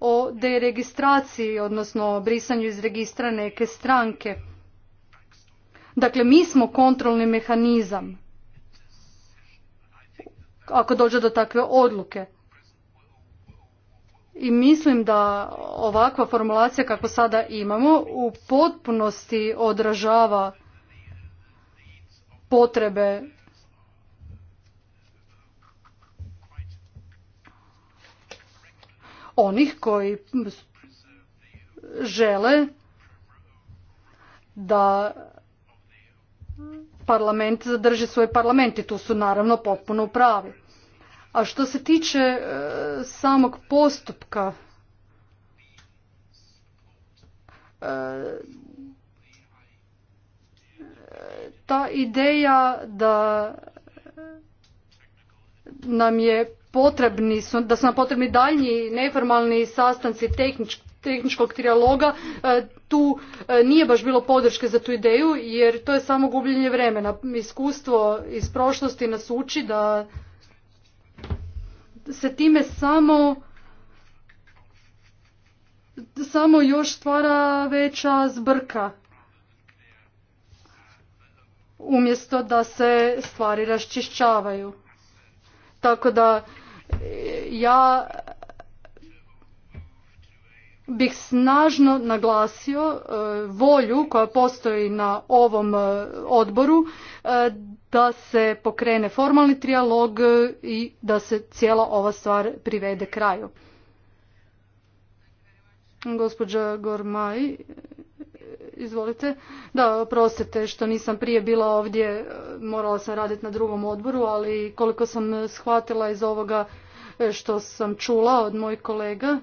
o deregistraciji, odnosno brisanju iz registra neke stranke. Dakle, mi smo kontrolni mehanizam ako dođe do takve odluke. I mislim da ovakva formulacija kako sada imamo u potpunosti odražava potrebe onih koji žele da parlament zadrži svoj parlament i tu su naravno potpuno u pravi. A što se tiče e, samog postupka e, ta ideja da nam je potrebni su, da su nam potrebni daljnji neformalni sastanci tehničkog trijaloga. E, tu e, nije baš bilo podrške za tu ideju jer to je samo gubljenje vremena. Iskustvo iz prošlosti nas uči da se time samo samo još stvara veća zbrka umjesto da se stvari raščišćavaju. Tako da ja bih snažno naglasio e, volju koja postoji na ovom e, odboru e, da se pokrene formalni trijalog i da se cijela ova stvar privede kraju. Gospođa Gormaj, izvolite. Da, oprostite što nisam prije bila ovdje, morala sam raditi na drugom odboru, ali koliko sam shvatila iz ovoga što sam čula od mojih kolega.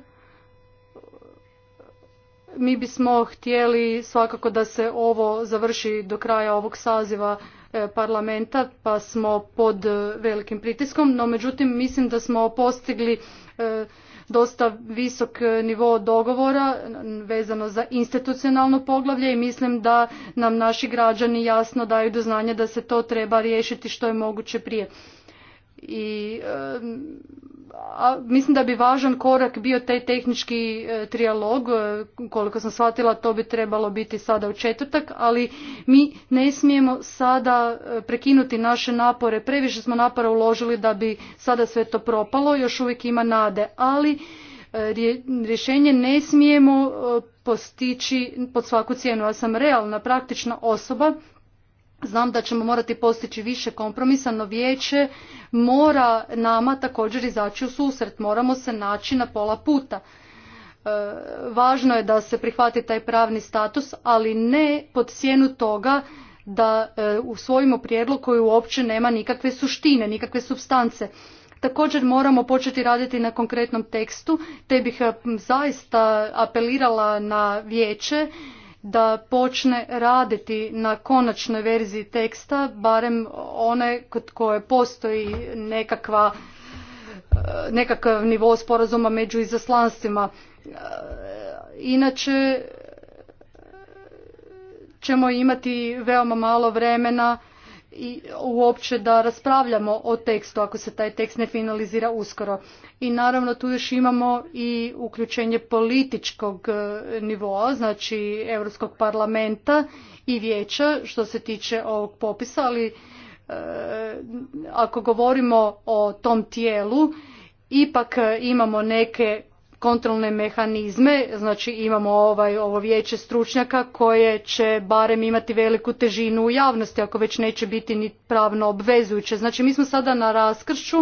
Mi bismo htjeli svakako da se ovo završi do kraja ovog saziva e, parlamenta pa smo pod velikim pritiskom, no međutim mislim da smo postigli e, dosta visok nivo dogovora vezano za institucionalno poglavlje i mislim da nam naši građani jasno daju do znanja da se to treba riješiti što je moguće prije. I e, a mislim da bi važan korak bio taj tehnički e, trijalog, e, koliko sam shvatila to bi trebalo biti sada u četvrtak, ali mi ne smijemo sada e, prekinuti naše napore, previše smo napora uložili da bi sada sve to propalo, još uvijek ima nade, ali rješenje ne smijemo postići pod svaku cijenu, ja sam realna, praktična osoba Znam da ćemo morati postići više kompromisa, no vijeće mora nama također izaći u susret. Moramo se naći na pola puta. E, važno je da se prihvati taj pravni status, ali ne pod cijenu toga da e, usvojimo prijedlog koji uopće nema nikakve suštine, nikakve substance. Također moramo početi raditi na konkretnom tekstu, te bih e, zaista apelirala na vijeće da počne raditi na konačnoj verziji teksta, barem one kod koje postoji nekakva, eh, nekakav nivo sporazuma među izaslanstvima. Eh, inače eh, ćemo imati veoma malo vremena i uopće da raspravljamo o tekstu ako se taj tekst ne finalizira uskoro. I naravno tu još imamo i uključenje političkog e, nivoa, znači Europskog parlamenta i vijeća što se tiče ovog popisa, ali e, ako govorimo o tom tijelu ipak imamo neke kontrolne mehanizme, znači imamo ovaj, ovo vijeće stručnjaka koje će barem imati veliku težinu u javnosti ako već neće biti ni pravno obvezujuće. Znači mi smo sada na raskršću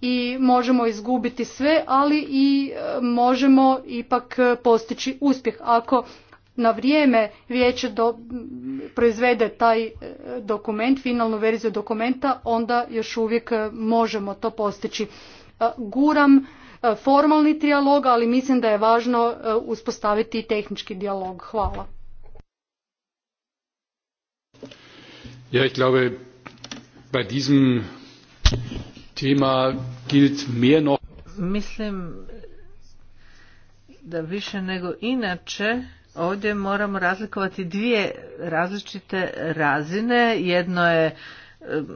i možemo izgubiti sve, ali i e, možemo ipak postići uspjeh ako na vrijeme vijeće proizvede taj e, dokument, finalnu verziju dokumenta, onda još uvijek e, možemo to postići. Guram E, formalni trijalog, ali mislim da je važno e, uspostaviti tehnički dijalog. Hvala. Ja, ich glaube, bei diesem Thema gilt mehr noch... Mislim da više nego inače ovdje moramo razlikovati dvije različite razine. Jedno je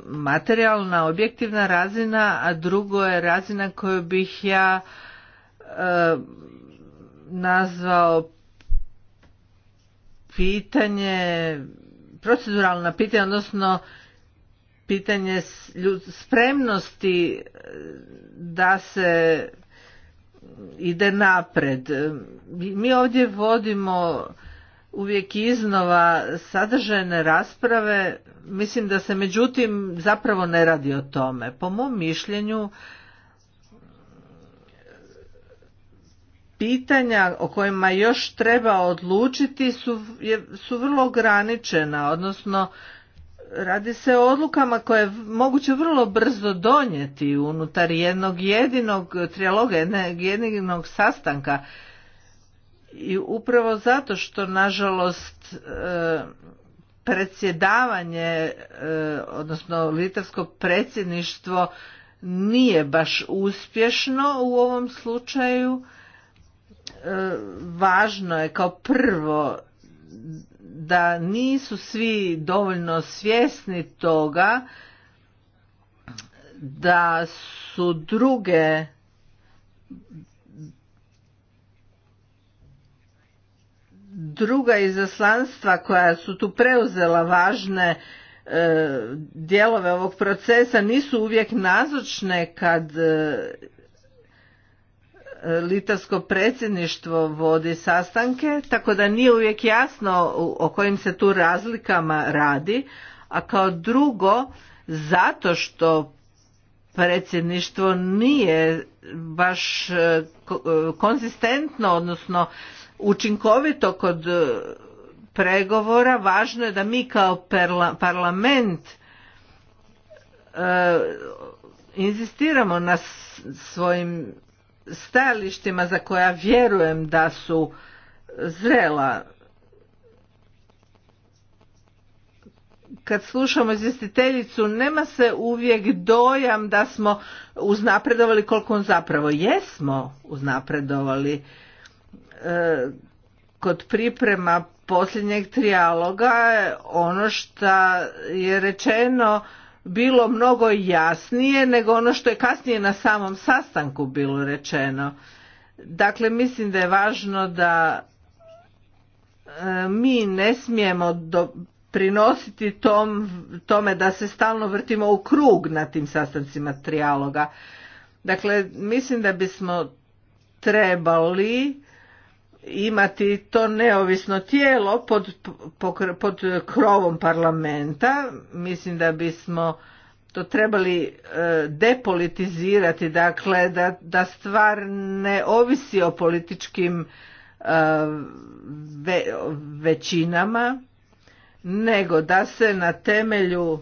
materijalna, objektivna razina, a drugo je razina koju bih ja e, nazvao pitanje, proceduralna pitanja, odnosno pitanje spremnosti e, da se ide napred. Mi ovdje vodimo uvijek iznova sadržajne rasprave mislim da se međutim zapravo ne radi o tome. Po mom mišljenju pitanja o kojima još treba odlučiti su, su vrlo ograničena, odnosno radi se o odlukama koje je moguće vrlo brzo donijeti unutar jednog jedinog trijaloga, jednog jedinog sastanka. I upravo zato što, nažalost, e, predsjedavanje, e, odnosno litarsko predsjedništvo nije baš uspješno u ovom slučaju. E, važno je kao prvo da nisu svi dovoljno svjesni toga da su druge druga izaslanstva koja su tu preuzela važne e, dijelove ovog procesa nisu uvijek nazočne kad e, Litarsko predsjedništvo vodi sastanke, tako da nije uvijek jasno o kojim se tu razlikama radi, a kao drugo zato što predsjedništvo nije baš e, e, konzistentno, odnosno učinkovito kod e, pregovora važno je da mi kao parlament e, inzistiramo na svojim stajalištima za koja vjerujem da su zrela kad slušamo izvjestiteljicu nema se uvijek dojam da smo uznapredovali koliko on zapravo jesmo uznapredovali kod priprema posljednjeg trijaloga ono što je rečeno bilo mnogo jasnije nego ono što je kasnije na samom sastanku bilo rečeno. Dakle, mislim da je važno da e, mi ne smijemo do, prinositi tom, tome da se stalno vrtimo u krug na tim sastancima trijaloga. Dakle, mislim da bismo trebali imati to neovisno tijelo pod, pod krovom parlamenta mislim da bismo to trebali e, depolitizirati dakle da, da stvar ne ovisi o političkim e, većinama nego da se na temelju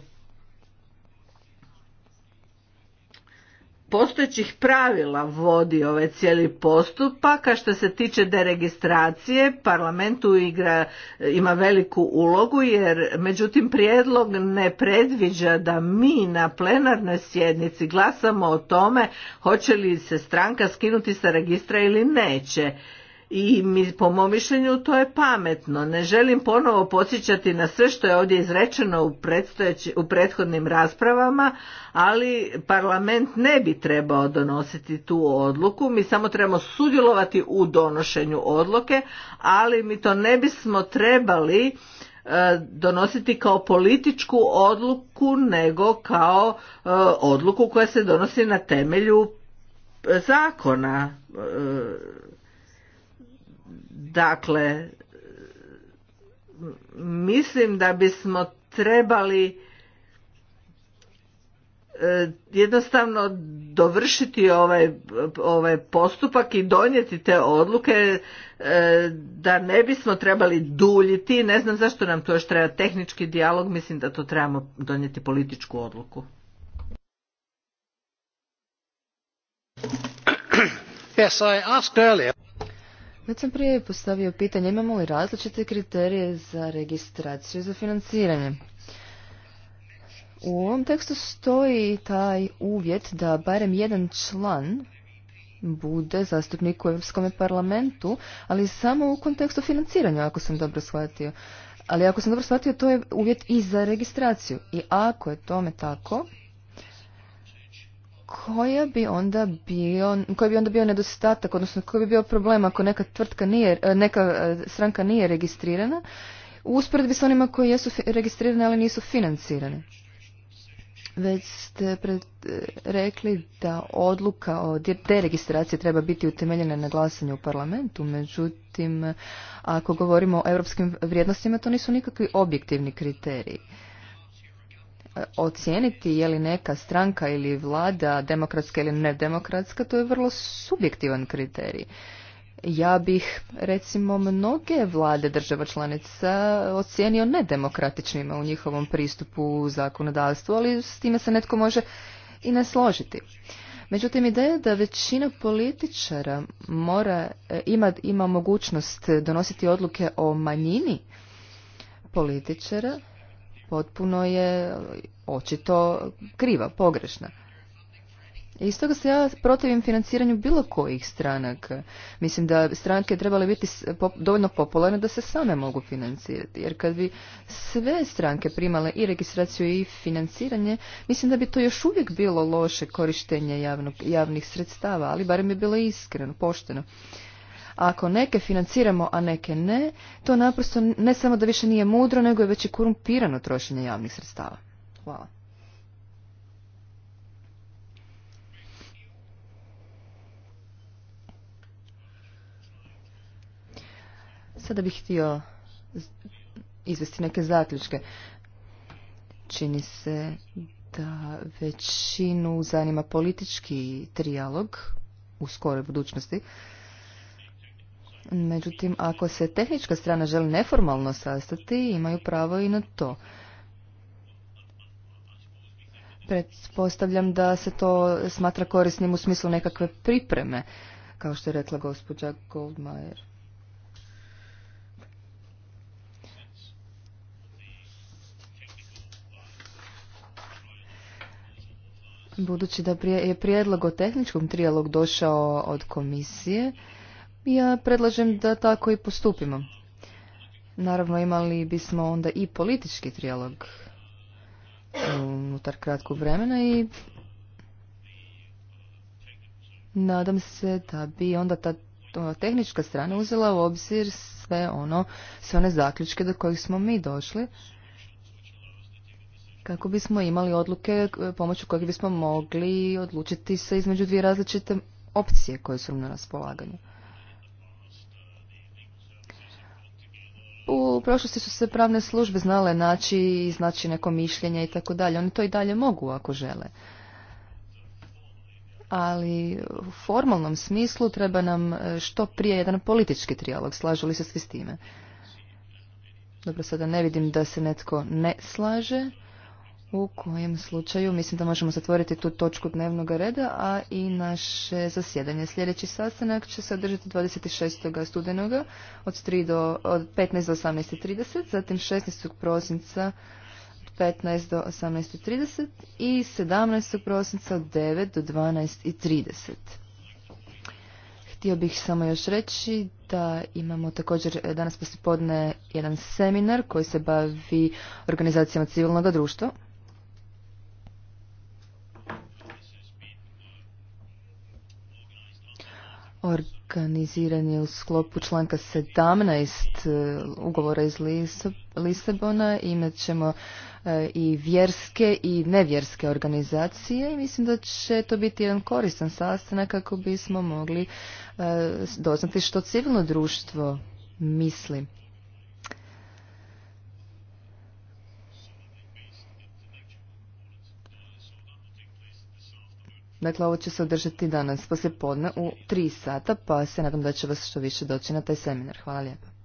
postojećih pravila vodi ovaj cijeli postupak, a što se tiče deregistracije, parlament u igra, ima veliku ulogu jer međutim prijedlog ne predviđa da mi na plenarnoj sjednici glasamo o tome hoće li se stranka skinuti sa registra ili neće i mi, po mom mišljenju to je pametno. Ne želim ponovo podsjećati na sve što je ovdje izrečeno u, u prethodnim raspravama, ali parlament ne bi trebao donositi tu odluku. Mi samo trebamo sudjelovati u donošenju odluke, ali mi to ne bismo trebali e, donositi kao političku odluku nego kao e, odluku koja se donosi na temelju e, zakona Dakle, mislim da bismo trebali e, jednostavno dovršiti ovaj, ovaj postupak i donijeti te odluke e, da ne bismo trebali duljiti. Ne znam zašto nam to još treba tehnički dijalog, mislim da to trebamo donijeti političku odluku. Yes, I asked earlier. Već sam prije postavio pitanje imamo li različite kriterije za registraciju i za financiranje. U ovom tekstu stoji taj uvjet da barem jedan član bude zastupnik u Evropskom parlamentu, ali samo u kontekstu financiranja, ako sam dobro shvatio. Ali ako sam dobro shvatio, to je uvjet i za registraciju. I ako je tome tako, koja bi onda bio, koji bi onda bio nedostatak, odnosno koji bi bio problem ako neka tvrtka nije, e, neka e, stranka nije registrirana, u usporedbi s onima koji jesu registrirane ali nisu financirane. Već ste e, rekli da odluka o deregistraciji treba biti utemeljena na glasanju u parlamentu, međutim, ako govorimo o europskim vrijednostima, to nisu nikakvi objektivni kriteriji ocijeniti je li neka stranka ili vlada demokratska ili nedemokratska, to je vrlo subjektivan kriterij. Ja bih, recimo, mnoge vlade država članica ocijenio nedemokratičnima u njihovom pristupu u zakonodavstvu, ali s time se netko može i ne složiti. Međutim, ideja da većina političara mora, e, ima, ima mogućnost donositi odluke o manjini političara, potpuno je očito kriva, pogrešna. I stoga se ja protivim financiranju bilo kojih stranaka. Mislim da stranke trebale biti dovoljno popularne da se same mogu financirati. Jer kad bi sve stranke primale i registraciju i financiranje, mislim da bi to još uvijek bilo loše korištenje javnih sredstava, ali barem je bilo iskreno, pošteno ako neke financiramo, a neke ne, to naprosto ne samo da više nije mudro, nego je već i korumpirano trošenje javnih sredstava. Hvala. Sada bih htio izvesti neke zaključke. Čini se da većinu zanima politički trijalog u skoroj budućnosti. Međutim, ako se tehnička strana želi neformalno sastati, imaju pravo i na to. Pretpostavljam da se to smatra korisnim u smislu nekakve pripreme, kao što je rekla gospođa Goldmajer. Budući da je prijedlog o tehničkom trijalog došao od komisije, ja predlažem da tako i postupimo. Naravno imali bismo onda i politički trijalog unutar kratkog vremena i nadam se da bi onda ta tehnička strana uzela u obzir sve ono, sve one zaključke do kojih smo mi došli kako bismo imali odluke eh, pomoću kojih bismo mogli odlučiti se između dvije različite opcije koje su na raspolaganju. U prošlosti su se pravne službe znale naći i znači neko mišljenje i tako dalje. Oni to i dalje mogu ako žele. Ali u formalnom smislu treba nam e, što prije jedan politički trijalog. Slažu li se svi s time? Dobro, sada ne vidim da se netko ne slaže. U kojem slučaju mislim da možemo zatvoriti tu točku dnevnog reda, a i naše zasjedanje. Sljedeći sastanak će se održati 26. studenoga od, 3 do, od 15 do 18.30, zatim 16. prosinca od 15 do 18.30 i 17. prosinca od 9 do 12.30. Htio bih samo još reći da imamo također e, danas poslipodne jedan seminar koji se bavi organizacijama civilnog društva. organiziran je u sklopu članka 17 e, ugovora iz Lisabona. Imat ćemo e, i vjerske i nevjerske organizacije i mislim da će to biti jedan koristan sastanak kako bismo mogli e, doznati što civilno društvo misli Dakle, ovo će se održati danas poslije podne u 3 sata, pa se nadam da će vas što više doći na taj seminar. Hvala lijepa.